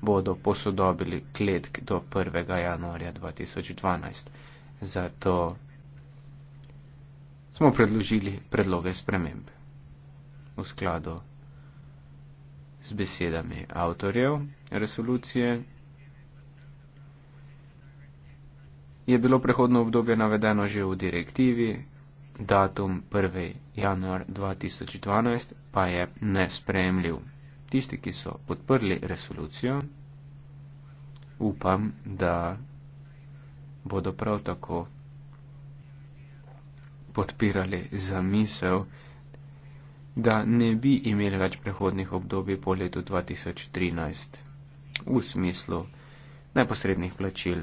bodo posodobili kletk do 1. januarja 2012. Zato smo predložili predloge spremembe v skladu z besedami avtorjev resolucije. Je bilo prehodno obdobje navedeno že v direktivi, datum 1. januar 2012 pa je nespremljiv. Tisti, ki so podprli resolucijo, upam, da bodo prav tako podpirali zamisel, da ne bi imeli več prehodnih obdobij po letu 2013 v smislu neposrednih plačil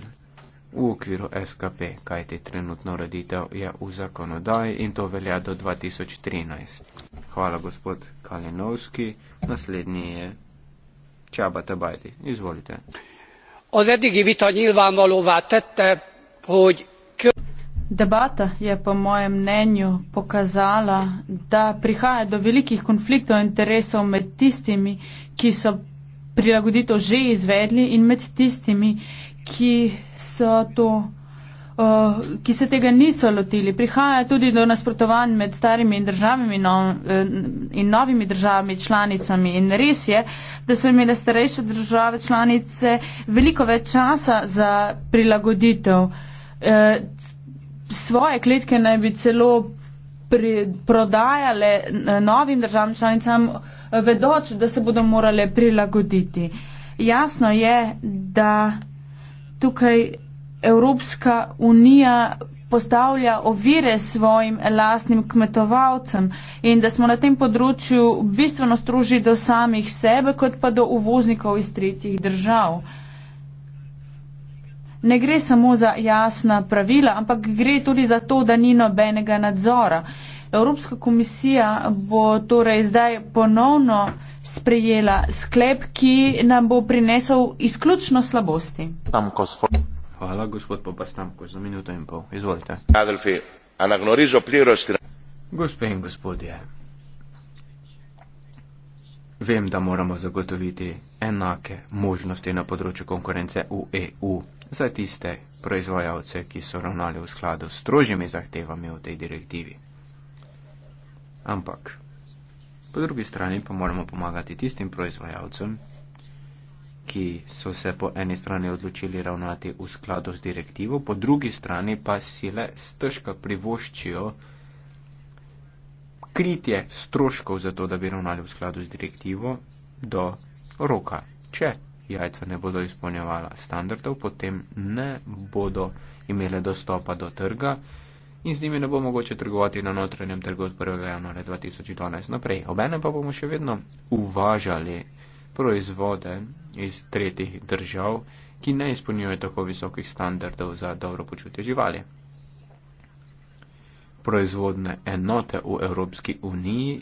v okviru SKP, kajti trenutno roditev je v zakonodaji in to velja do 2013. Hvala, gospod Kalinovski. Naslednji je Čaba Tabajdi. Izvolite. Az eddigi vita nyilvánvalóvá tette, hogy Debata je po mojem mnenju pokazala, da prihaja do velikih konfliktov interesov med tistimi, ki so prilagoditev že izvedli in med tistimi, ki, to, uh, ki se tega niso lotili. Prihaja tudi do nasprotovanj med starimi in, državami, no, eh, in novimi državami članicami. In res je, da so imele starejše države članice veliko več časa za prilagoditev. Uh, svoje kletke naj bi celo pri, prodajale eh, novim državam članicam, eh, vedoč, da se bodo morale prilagoditi. Jasno je, da tukaj Evropska unija postavlja ovire svojim lastnim kmetovalcem in da smo na tem področju bistveno stroži do samih sebe, kot pa do uvoznikov iz tretjih držav ne gre samo za jasna pravila, ampak gre tudi za to, da ni nobenega nadzora. Evropska komisija bo torej zdaj ponovno sprejela sklep, ki nam bo prinesel izključno slabosti. Hvala, gospod Popastamko, za minuto in pol. Izvolite. Gospe in gospodje, Vem, da moramo zagotoviti enake možnosti na področju konkurence v EU za tiste proizvajalce, ki so ravnali v skladu s strožjimi zahtevami v tej direktivi. Ampak, po drugi strani pa moramo pomagati tistim proizvajalcem, ki so se po eni strani odločili ravnati v skladu s direktivo, po drugi strani pa sile stežka privoščijo, kritje stroškov za to, da bi ravnali v skladu z direktivo do roka. Če jajca ne bodo izpolnjevala standardov, potem ne bodo imele dostopa do trga in z njimi ne bo mogoče trgovati na notranjem trgu od 1. januarja 2012 naprej. Obenem pa bomo še vedno uvažali proizvode iz tretjih držav, ki ne izpolnjujejo tako visokih standardov za dobro počutje živali proizvodne enote v Evropski uniji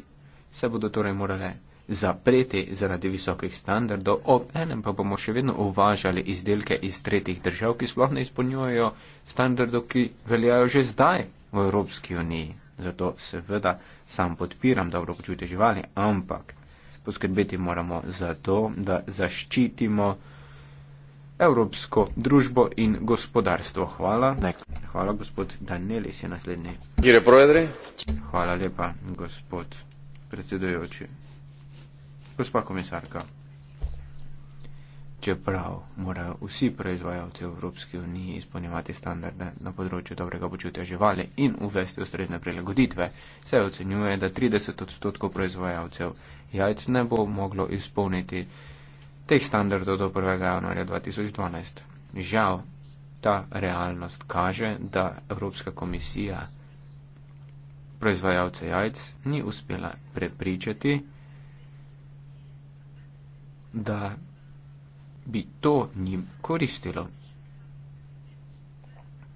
se bodo torej morale zapreti zaradi visokih standardov, ob enem pa bomo še vedno uvažali izdelke iz tretjih držav, ki sploh ne izpolnjujejo standardov, ki veljajo že zdaj v Evropski uniji. Zato seveda sam podpiram dobro počutje živali, ampak poskrbeti moramo za to, da zaščitimo evropsko družbo in gospodarstvo. Hvala. Hvala, gospod Danelis je naslednji. Hvala lepa, gospod predsedujoči. Gospa komisarka, čeprav morajo vsi proizvajalci Evropske unije izpolnjevati standarde na področju dobrega počutja živali in uvesti ustrezne prilagoditve, se ocenjuje, da 30 odstotkov proizvajalcev jajc ne bo moglo izpolniti standarde teh standardov do 1. januarja 2012. Žal, ta realnost kaže, da Evropska komisija proizvajalce jajc ni uspela prepričati, da bi to njim koristilo.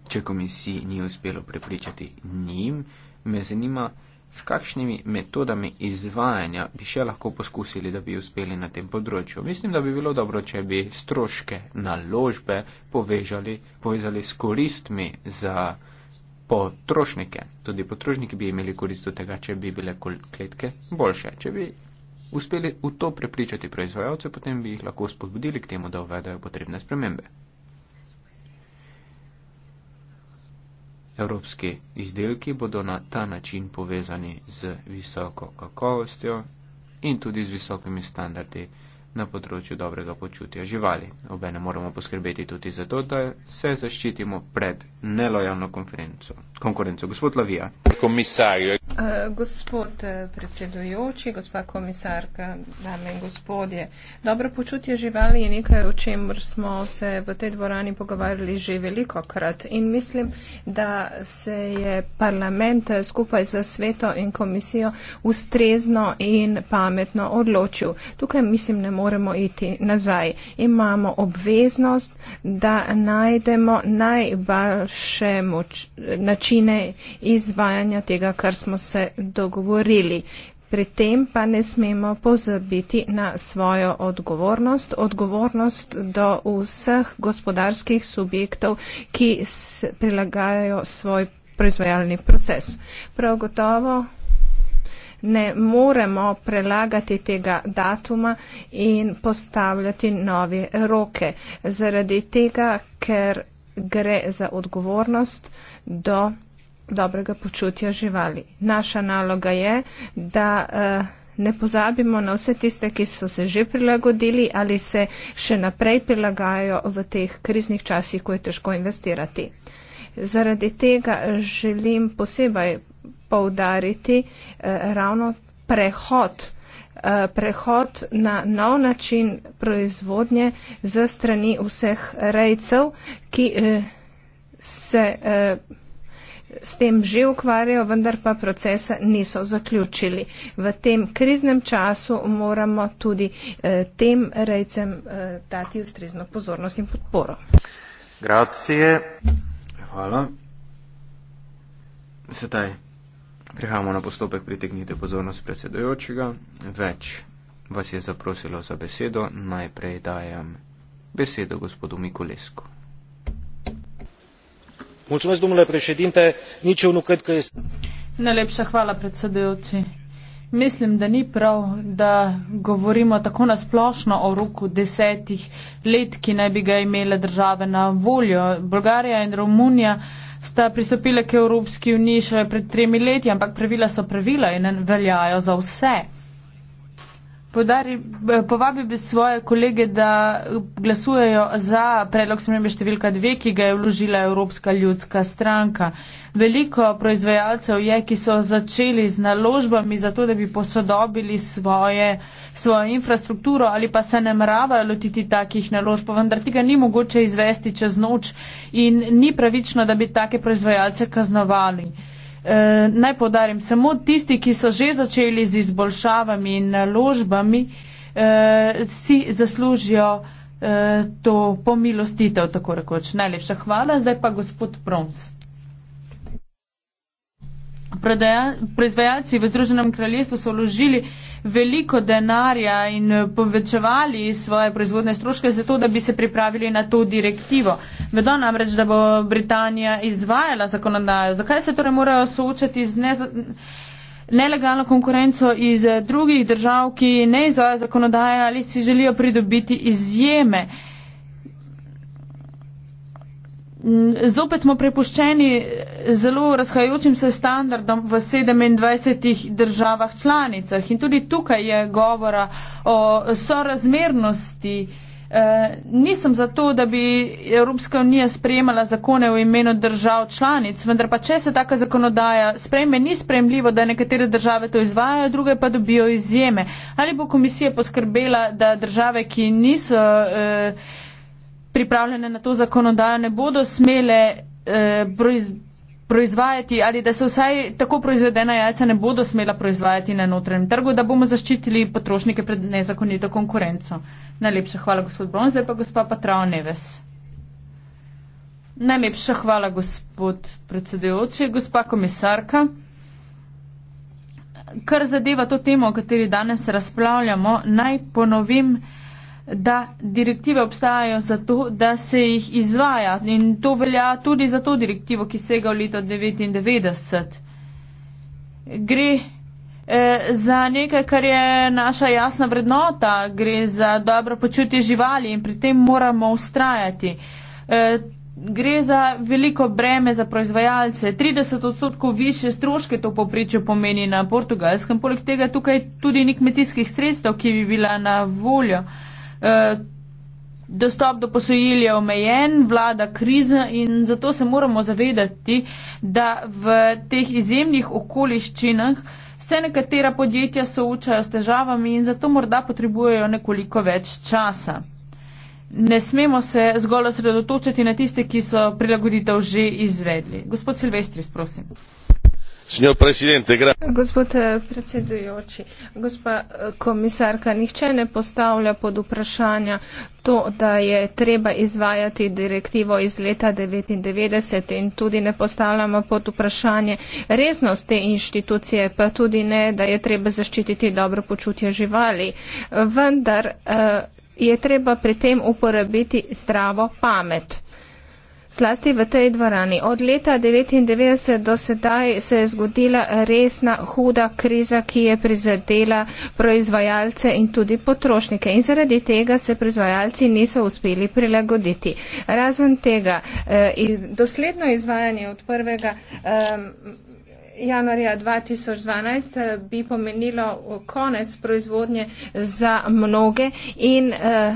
Če komisiji ni uspelo prepričati njim, me zanima, S kakšnimi metodami izvajanja bi še lahko poskusili, da bi uspeli na tem področju? Mislim, da bi bilo dobro, če bi stroške naložbe povežali, povezali s koristmi za potrošnike. Tudi potrošniki bi imeli korist od tega, če bi bile kletke boljše. Če bi uspeli v to prepričati proizvajalce, potem bi jih lahko spodbudili k temu, da uvedajo potrebne spremembe. Evropski izdelki bodo na ta način povezani z visoko kakovostjo in tudi z visokimi standardi na področju dobrega počutja živali. Obene moramo poskrbeti tudi za to, da se zaščitimo pred nelojalno konkurenco. Gospod Lavija. Komisar. Uh, eh, gospod eh, predsedujoči, gospa komisarka, dame in gospodje. Dobro počutje živali je nekaj, o čemer smo se v tej dvorani pogovarjali že veliko krat in mislim, da se je parlament eh, skupaj z sveto in komisijo ustrezno in pametno odločil. Tukaj mislim, ne moremo moremo iti nazaj. Imamo obveznost, da najdemo najboljše načine izvajanja tega, kar smo se dogovorili. Pri tem pa ne smemo pozabiti na svojo odgovornost, odgovornost do vseh gospodarskih subjektov, ki prilagajajo svoj proizvajalni proces. Prav gotovo ne moremo prelagati tega datuma in postavljati nove roke. Zaradi tega, ker gre za odgovornost do dobrega počutja živali. Naša naloga je, da eh, ne pozabimo na vse tiste, ki so se že prilagodili ali se še naprej prilagajajo v teh kriznih časih, ko je težko investirati. Zaradi tega želim posebej poudariti eh, ravno prehod, eh, prehod na nov način proizvodnje za strani vseh rejcev, ki eh, se s tem že ukvarjajo, vendar pa procesa niso zaključili. V tem kriznem času moramo tudi tem rejcem dati ustrezno pozornost in podporo. Grazie. Hvala. Sedaj. Prihajamo na postopek pritegnite pozornost predsedojočega. Več vas je zaprosilo za besedo. Najprej dajem besedo gospodu Mikulesku. Mulțumesc, domnule președinte, nici eu nu cred că este... Najlepša hvala, predsedujoči. Mislim, da ni prav, da govorimo tako nasplošno o roku desetih let, ki naj bi ga imele države na voljo. Bolgarija in Romunija sta pristopila k Evropski uniji še pred tremi leti, ampak pravila so pravila in veljajo za vse podari, eh, povabi bi svoje kolege, da glasujejo za predlog spremembe številka dve, ki ga je vložila Evropska ljudska stranka. Veliko proizvajalcev je, ki so začeli z naložbami za to, da bi posodobili svoje, svojo infrastrukturo ali pa se ne mravajo lotiti takih naložb, vendar tega ni mogoče izvesti čez noč in ni pravično, da bi take proizvajalce kaznovali. Uh, Eh, naj podarim, samo tisti, ki so že začeli z izboljšavami in naložbami, eh, si zaslužijo eh, to pomilostitev, tako rekoč. Najlepša hvala, zdaj pa gospod Prons proizvajalci v Združenem kraljestvu so vložili veliko denarja in povečevali svoje proizvodne stroške zato, da bi se pripravili na to direktivo. Vedo namreč, da bo Britanija izvajala zakonodajo. Zakaj se torej morajo soočati z nelegalno konkurenco iz drugih držav, ki ne izvajajo zakonodaje ali si želijo pridobiti izjeme? Zopet smo prepuščeni zelo razhajajočim se standardom v 27 državah članicah in tudi tukaj je govora o sorazmernosti. E, nisem za to, da bi Evropska unija sprejemala zakone v imenu držav članic, vendar pa če se taka zakonodaja sprejme, ni sprejemljivo, da nekatere države to izvajajo, druge pa dobijo izjeme. Ali bo komisija poskrbela, da države, ki niso. Eh, pripravljene na to zakonodajo, ne bodo smele eh, proiz, proizvajati ali da se vsaj tako proizvedena jajca ne bodo smela proizvajati na notranjem trgu, da bomo zaščitili potrošnike pred nezakonito konkurenco. Najlepša hvala, gospod Bron, zdaj pa gospa Patrao Neves. Najlepša hvala, gospod predsedujoči, gospa komisarka. Kar zadeva to temo, o kateri danes razpravljamo, naj ponovim, da direktive obstajajo zato, da se jih izvaja in to velja tudi za to direktivo, ki sega v leto 99. Gre eh, za nekaj, kar je naša jasna vrednota, gre za dobro počutje živali in pri tem moramo ustrajati. Eh, gre za veliko breme za proizvajalce. 30 odstotkov više stroške to poprečju pomeni na portugalskem. Poleg tega tukaj tudi ni kmetijskih sredstev, ki bi bila na voljo. Eh, Eh, dostop do posojil je omejen, vlada kriza in zato se moramo zavedati, da v teh izjemnih okoliščinah se nekatera podjetja soočajo s težavami in zato morda potrebujejo nekoliko več časa. Ne smemo se zgolj osredotočiti na tiste, ki so prilagoditev že izvedli. Gospod Silvestris, prosim. Gospod eh, predsedujoči, gospa eh, komisarka, nihče ne postavlja pod vprašanja to, da je treba izvajati direktivo iz leta 1999 in tudi ne postavljamo pod vprašanje resnost te inštitucije, pa tudi ne, da je treba zaščititi dobro počutje živali. Vendar eh, je treba pri tem uporabiti zdravo pamet. Zlasti v tej dvorani. Od leta 1999 do sedaj se je zgodila resna huda kriza, ki je prizadela proizvajalce in tudi potrošnike. In zaradi tega se proizvajalci niso uspeli prilagoditi. Razen tega, eh, dosledno izvajanje od 1. Eh, januarja 2012 bi pomenilo konec proizvodnje za mnoge. In, eh,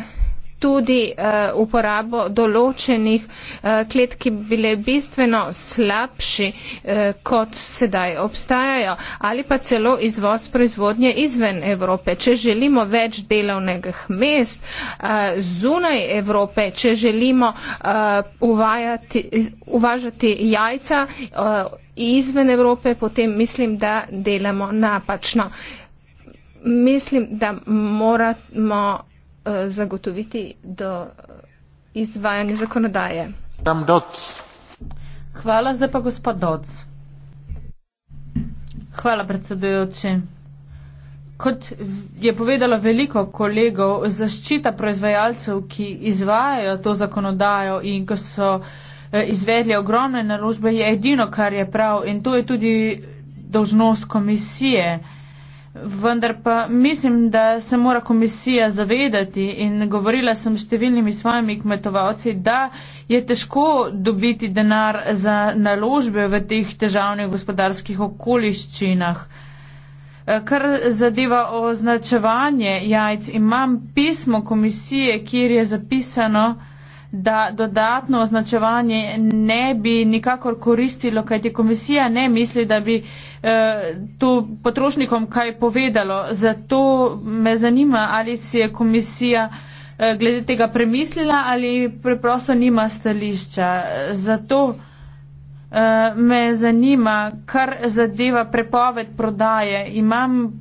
tudi uh, uporabo določenih uh, klet, ki bile bistveno slabši, uh, kot sedaj obstajajo, ali pa celo izvoz proizvodnje izven Evrope. Če želimo več delovnih mest uh, zunaj Evrope, če želimo uh, uvajati, uvažati jajca uh, izven Evrope, potem mislim, da delamo napačno. Mislim, da moramo uh, zagotoviti do izvajanja zakonodaje. Hvala, zdaj pa gospod Doc. Hvala, predsedujoči. Kot je povedalo veliko kolegov, zaščita proizvajalcev, ki izvajajo to zakonodajo in ko so eh, izvedli ogromne naložbe, je edino, kar je prav in to je tudi dožnost komisije. Vendar pa mislim, da se mora komisija zavedati in govorila sem s številnimi svojimi kmetovalci, da je težko dobiti denar za naložbe v teh težavnih gospodarskih okoliščinah. Eh, kar zadeva označevanje jajc, imam pismo komisije, kjer je zapisano, da dodatno označevanje ne bi nikakor koristilo, kajti komisija ne misli, da bi eh, to potrošnikom kaj povedalo. Zato me zanima, ali si je komisija eh, glede tega premislila ali preprosto nima stališča. Zato eh, me zanima, kar zadeva prepoved prodaje. Imam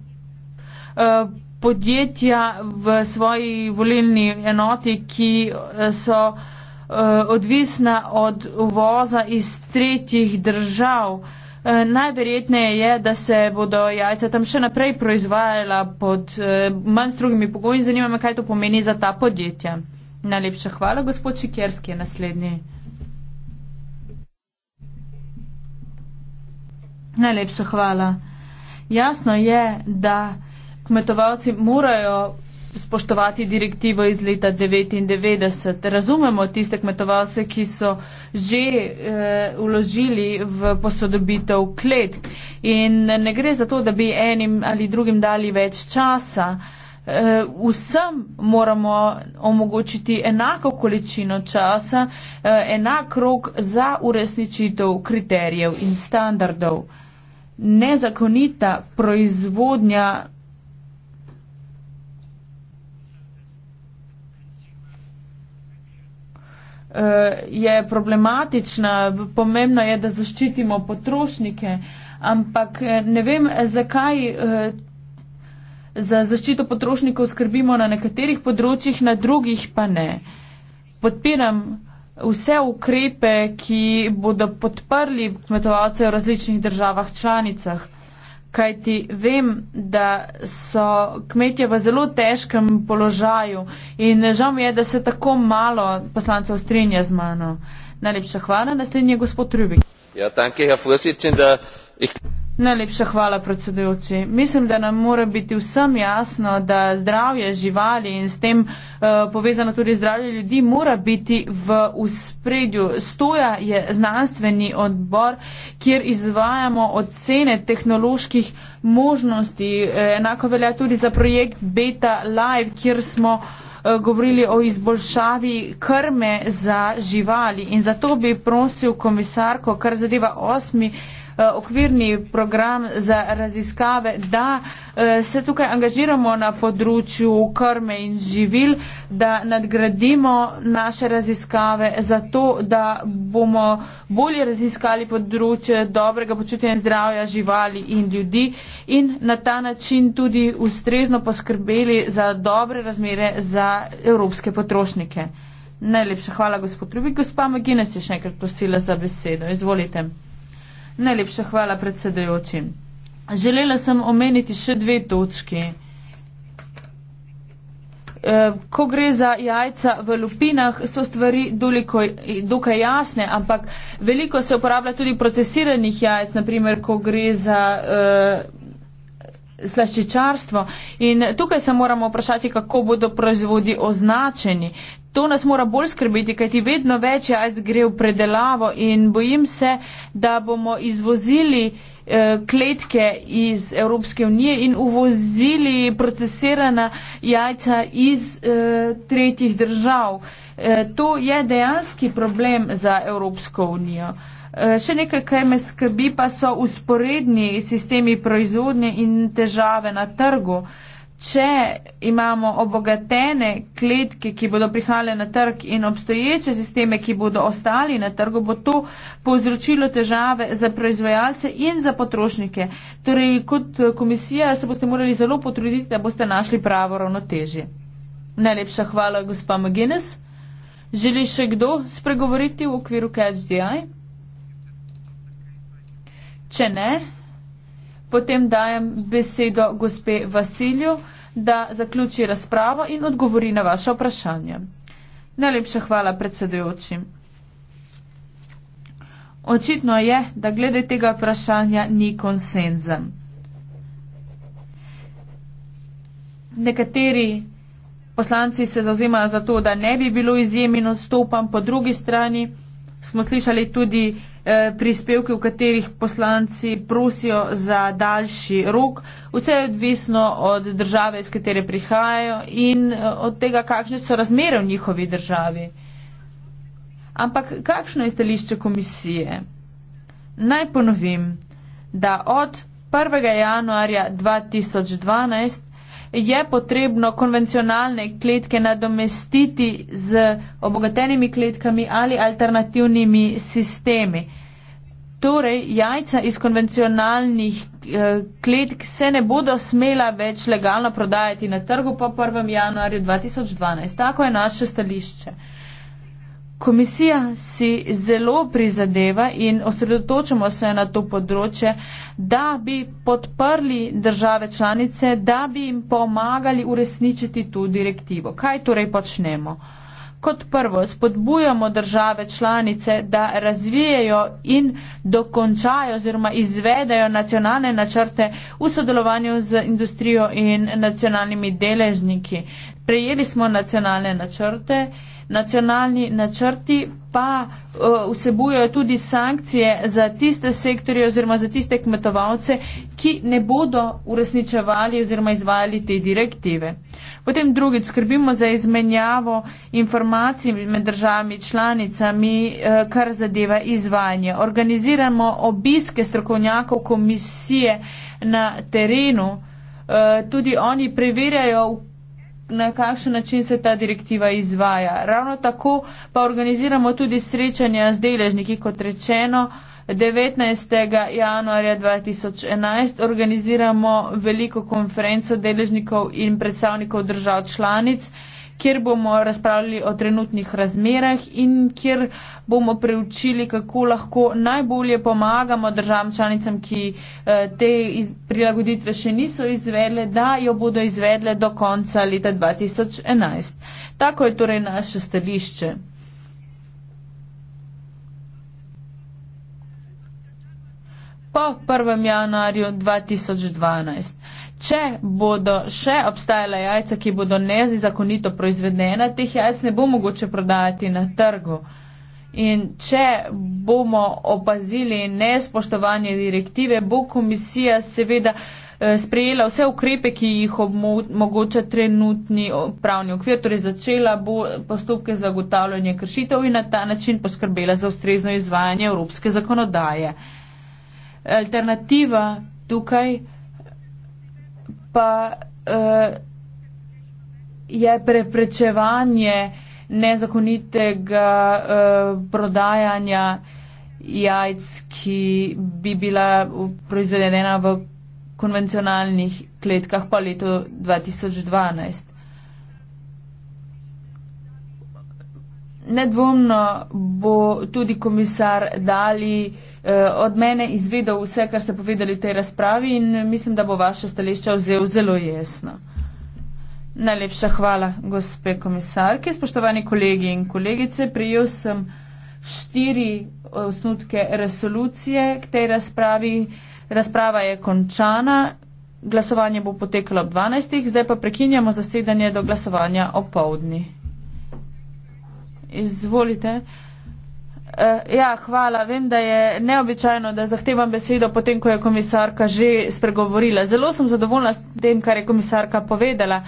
podjetja v svoji volilni enoti, ki eh, so eh, odvisna od uvoza iz tretjih držav. Eh, najverjetneje je, da se bodo jajca tam še naprej proizvajala pod manj strogimi pogoji. Zanima me, kaj to pomeni za ta podjetja. Najlepša hvala, gospod Čikerski, naslednji. Najlepša hvala. Jasno je, da kmetovalci morajo spoštovati direktivo iz leta 99. Razumemo tiste kmetovalce, ki so že eh, uložili v posodobitev klet in ne gre za to, da bi enim ali drugim dali več časa. Eh, vsem moramo omogočiti enako količino časa, eh, enak rok za uresničitev kriterijev in standardov. Nezakonita proizvodnja Eh, je problematična, pomembno je, da zaščitimo potrošnike, ampak eh, ne vem, zakaj eh, za zaščito potrošnikov skrbimo na nekaterih področjih, na drugih pa ne. Podpiram vse ukrepe, ki bodo podprli kmetovalce v različnih državah članicah kaj ti vem, da so kmetje v zelo težkem položaju in žal mi je, da se tako malo poslancev strinja z mano. Najlepša hvala, naslednji je gospod Rubik. Ja, danke, Najlepša hvala, predsedujoči. Mislim, da nam mora biti vsem jasno, da zdravje živali in s tem uh, povezano tudi zdravje ljudi mora biti v uspredju. Stoja je znanstveni odbor, kjer izvajamo ocene tehnoloških možnosti. Eh, enako velja tudi za projekt Beta Live, kjer smo eh, govorili o izboljšavi krme za živali. In zato bi prosil komisarko, kar zadeva osmi Eh, okvirni program za raziskave, da eh, se tukaj angažiramo na področju krme in živil, da nadgradimo naše raziskave za to, da bomo bolje raziskali področje dobrega počutja in zdravja živali in ljudi in na ta način tudi ustrezno poskrbeli za dobre razmere za evropske potrošnike. Najlepša hvala, gospod Ljubik. Gospa Magines je še enkrat prosila za besedo. Izvolite. Najlepša hvala predsedajočim. Želela sem omeniti še dve točki. E, ko gre za jajca v lupinah, so stvari doliko, dokaj jasne, ampak veliko se uporablja tudi procesiranih jajc, naprimer, ko gre za uh, slaščičarstvo. In tukaj se moramo vprašati, kako bodo proizvodi označeni to nas mora bolj skrbeti, kajti vedno več jajc gre v predelavo in bojim se, da bomo izvozili eh, kletke iz Evropske unije in uvozili procesirana jajca iz eh, tretjih držav. Eh, to je dejanski problem za Evropsko unijo. Še nekaj, kar me skrbi, pa so usporedni sistemi proizvodnje in težave na trgu če imamo obogatene kletke, ki bodo prihale na trg in obstoječe sisteme, ki bodo ostali na trgu, bo to povzročilo težave za proizvajalce in za potrošnike. Torej, kot komisija se boste morali zelo potruditi, da boste našli pravo ravnotežje. Najlepša hvala, gospa Maginez. Želi še kdo spregovoriti v okviru CatchDI? Če ne, Potem dajem besedo gospe Vasilju, da zaključi razpravo in odgovori na vaše vprašanje. Najlepša hvala predsedujoči. Očitno je, da glede tega vprašanja ni konsenza. Nekateri poslanci se zauzemajo za to, da ne bi bilo izjemen odstopan, po drugi strani smo slišali tudi Eh, prispevki, v katerih poslanci prosijo za daljši rok. Vse je odvisno od države, iz katere prihajajo in eh, od tega, kakšne so razmere v njihovi državi. Ampak kakšno je stališče komisije? Naj ponovim, da od 1. januarja 2012 je potrebno konvencionalne kletke nadomestiti z obogatenimi kletkami ali alternativnimi sistemi. Torej, jajca iz konvencionalnih eh, kletk se ne bodo smela več legalno prodajati na trgu po 1. januarju 2012. Tako je naše stališče. Komisija si zelo prizadeva in osredotočamo se na to področje, da bi podprli države članice, da bi jim pomagali uresničiti tu direktivo. Kaj torej počnemo? Uh, Kot prvo, spodbujamo države članice, da razvijajo in dokončajo oziroma izvedajo nacionalne načrte v sodelovanju z industrijo in nacionalnimi deležniki. Prejeli smo nacionalne načrte nacionalni načrti pa eh, vsebujejo tudi sankcije za tiste sektorje oziroma za tiste kmetovalce, ki ne bodo uresničevali oziroma izvajali te direktive. Potem drugič, skrbimo za izmenjavo informacij med državami članicami, eh, kar zadeva izvajanje. Organiziramo obiske strokovnjakov komisije na terenu, eh, tudi oni preverjajo, na kakšen način se ta direktiva izvaja. Ravno tako pa organiziramo tudi srečanja z deležniki, kot rečeno. 19. januarja 2011 organiziramo veliko konferenco deležnikov in predstavnikov držav članic kjer bomo razpravljali o trenutnih razmerah in kjer bomo preučili, kako lahko najbolje pomagamo državam članicam, ki eh, te prilagoditve še niso izvedle, da jo bodo izvedle do konca leta 2011. Tako je torej naše stališče. Po 1. januarju 2012. Če bodo še obstajala jajca, ki bodo nezakonito proizvedena, teh jajc ne bo mogoče prodajati na trgu. In če bomo opazili nespoštovanje direktive, bo komisija seveda eh, sprejela vse ukrepe, ki jih omogoča trenutni pravni okvir, torej začela bo postopke zagotavljanja kršitev in na ta način poskrbela za ustrezno izvajanje evropske zakonodaje. Alternativa tukaj pa uh, je preprečevanje nezakonitega uh, prodajanja jajc, ki bi bila proizvedena v konvencionalnih kletkah pa leto 2012. Nedvomno bo tudi komisar Dali uh, Eh, od mene izvedel vse, kar ste povedali v tej razpravi in mislim, da bo vaše stališče vzel zelo jasno. Najlepša hvala, gospe komisarke. Spoštovani kolegi in kolegice, prijel sem štiri osnutke resolucije k tej razpravi. Razprava je končana, glasovanje bo potekalo ob 12. Zdaj pa prekinjamo zasedanje do glasovanja o povdni. Izvolite. Eh, ja, hvala. Vem, da je neobičajno, da zahtevam besedo potem, ko je komisarka že spregovorila. Zelo sem zadovoljna s tem, kar je komisarka povedala.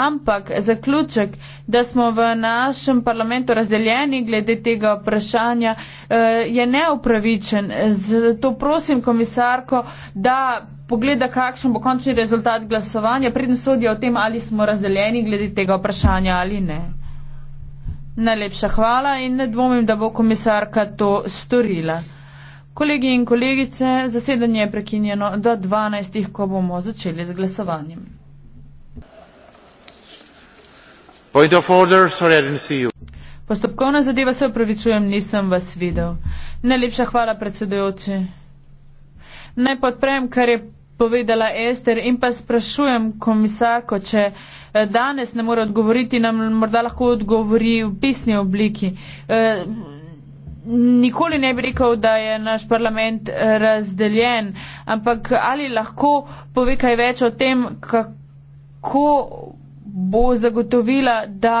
Ampak zaključek, da smo v našem parlamentu razdeljeni glede tega vprašanja, eh, je neupravičen. Zato prosim komisarko, da pogleda, kakšen bo končni rezultat glasovanja, predn sodijo o tem, ali smo razdeljeni glede tega vprašanja ali ne. Najlepša hvala in ne dvomim, da bo komisarka to storila. Kolegi in kolegice, zasedanje je prekinjeno do 12. ko bomo začeli z glasovanjem. Postopkovna zadeva se upravičujem, nisem vas videl. Najlepša hvala predsedujoči. Naj podprem, kar je povedala Ester in pa sprašujem komisarko, če eh, danes ne more odgovoriti, nam morda lahko odgovori v pisni obliki. Eh, nikoli ne bi rekel, da je naš parlament eh, razdeljen, ampak ali lahko pove kaj več o tem, kako bo zagotovila, da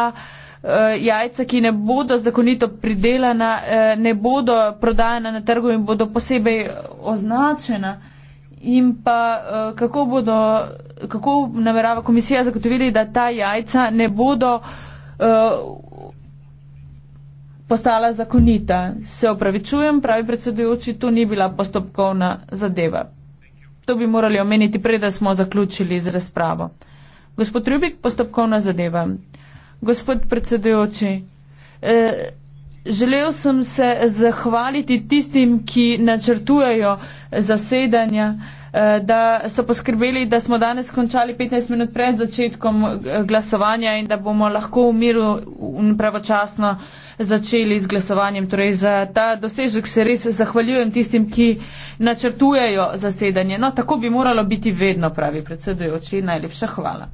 jajca, ki ne bodo zakonito pridelana, ne bodo prodajena na trgu in bodo posebej označena in pa eh, kako bodo, kako namerava komisija zagotovili, da ta jajca ne bodo eh, postala zakonita. Se opravičujem, pravi predsedujoči, to ni bila postopkovna zadeva. To bi morali omeniti prej, da smo zaključili z razpravo. Gospod Rubik, postopkovna zadeva. Gospod predsedujoči, eh, Želel sem se zahvaliti tistim, ki načrtujejo zasedanja, eh, da so poskrbeli, da smo danes končali 15 minut pred začetkom eh, glasovanja in da bomo lahko v miru in pravočasno začeli z glasovanjem. Torej za ta dosežek se res zahvaljujem tistim, ki načrtujejo zasedanje. No, tako bi moralo biti vedno, pravi predsedujoči. Najlepša hvala.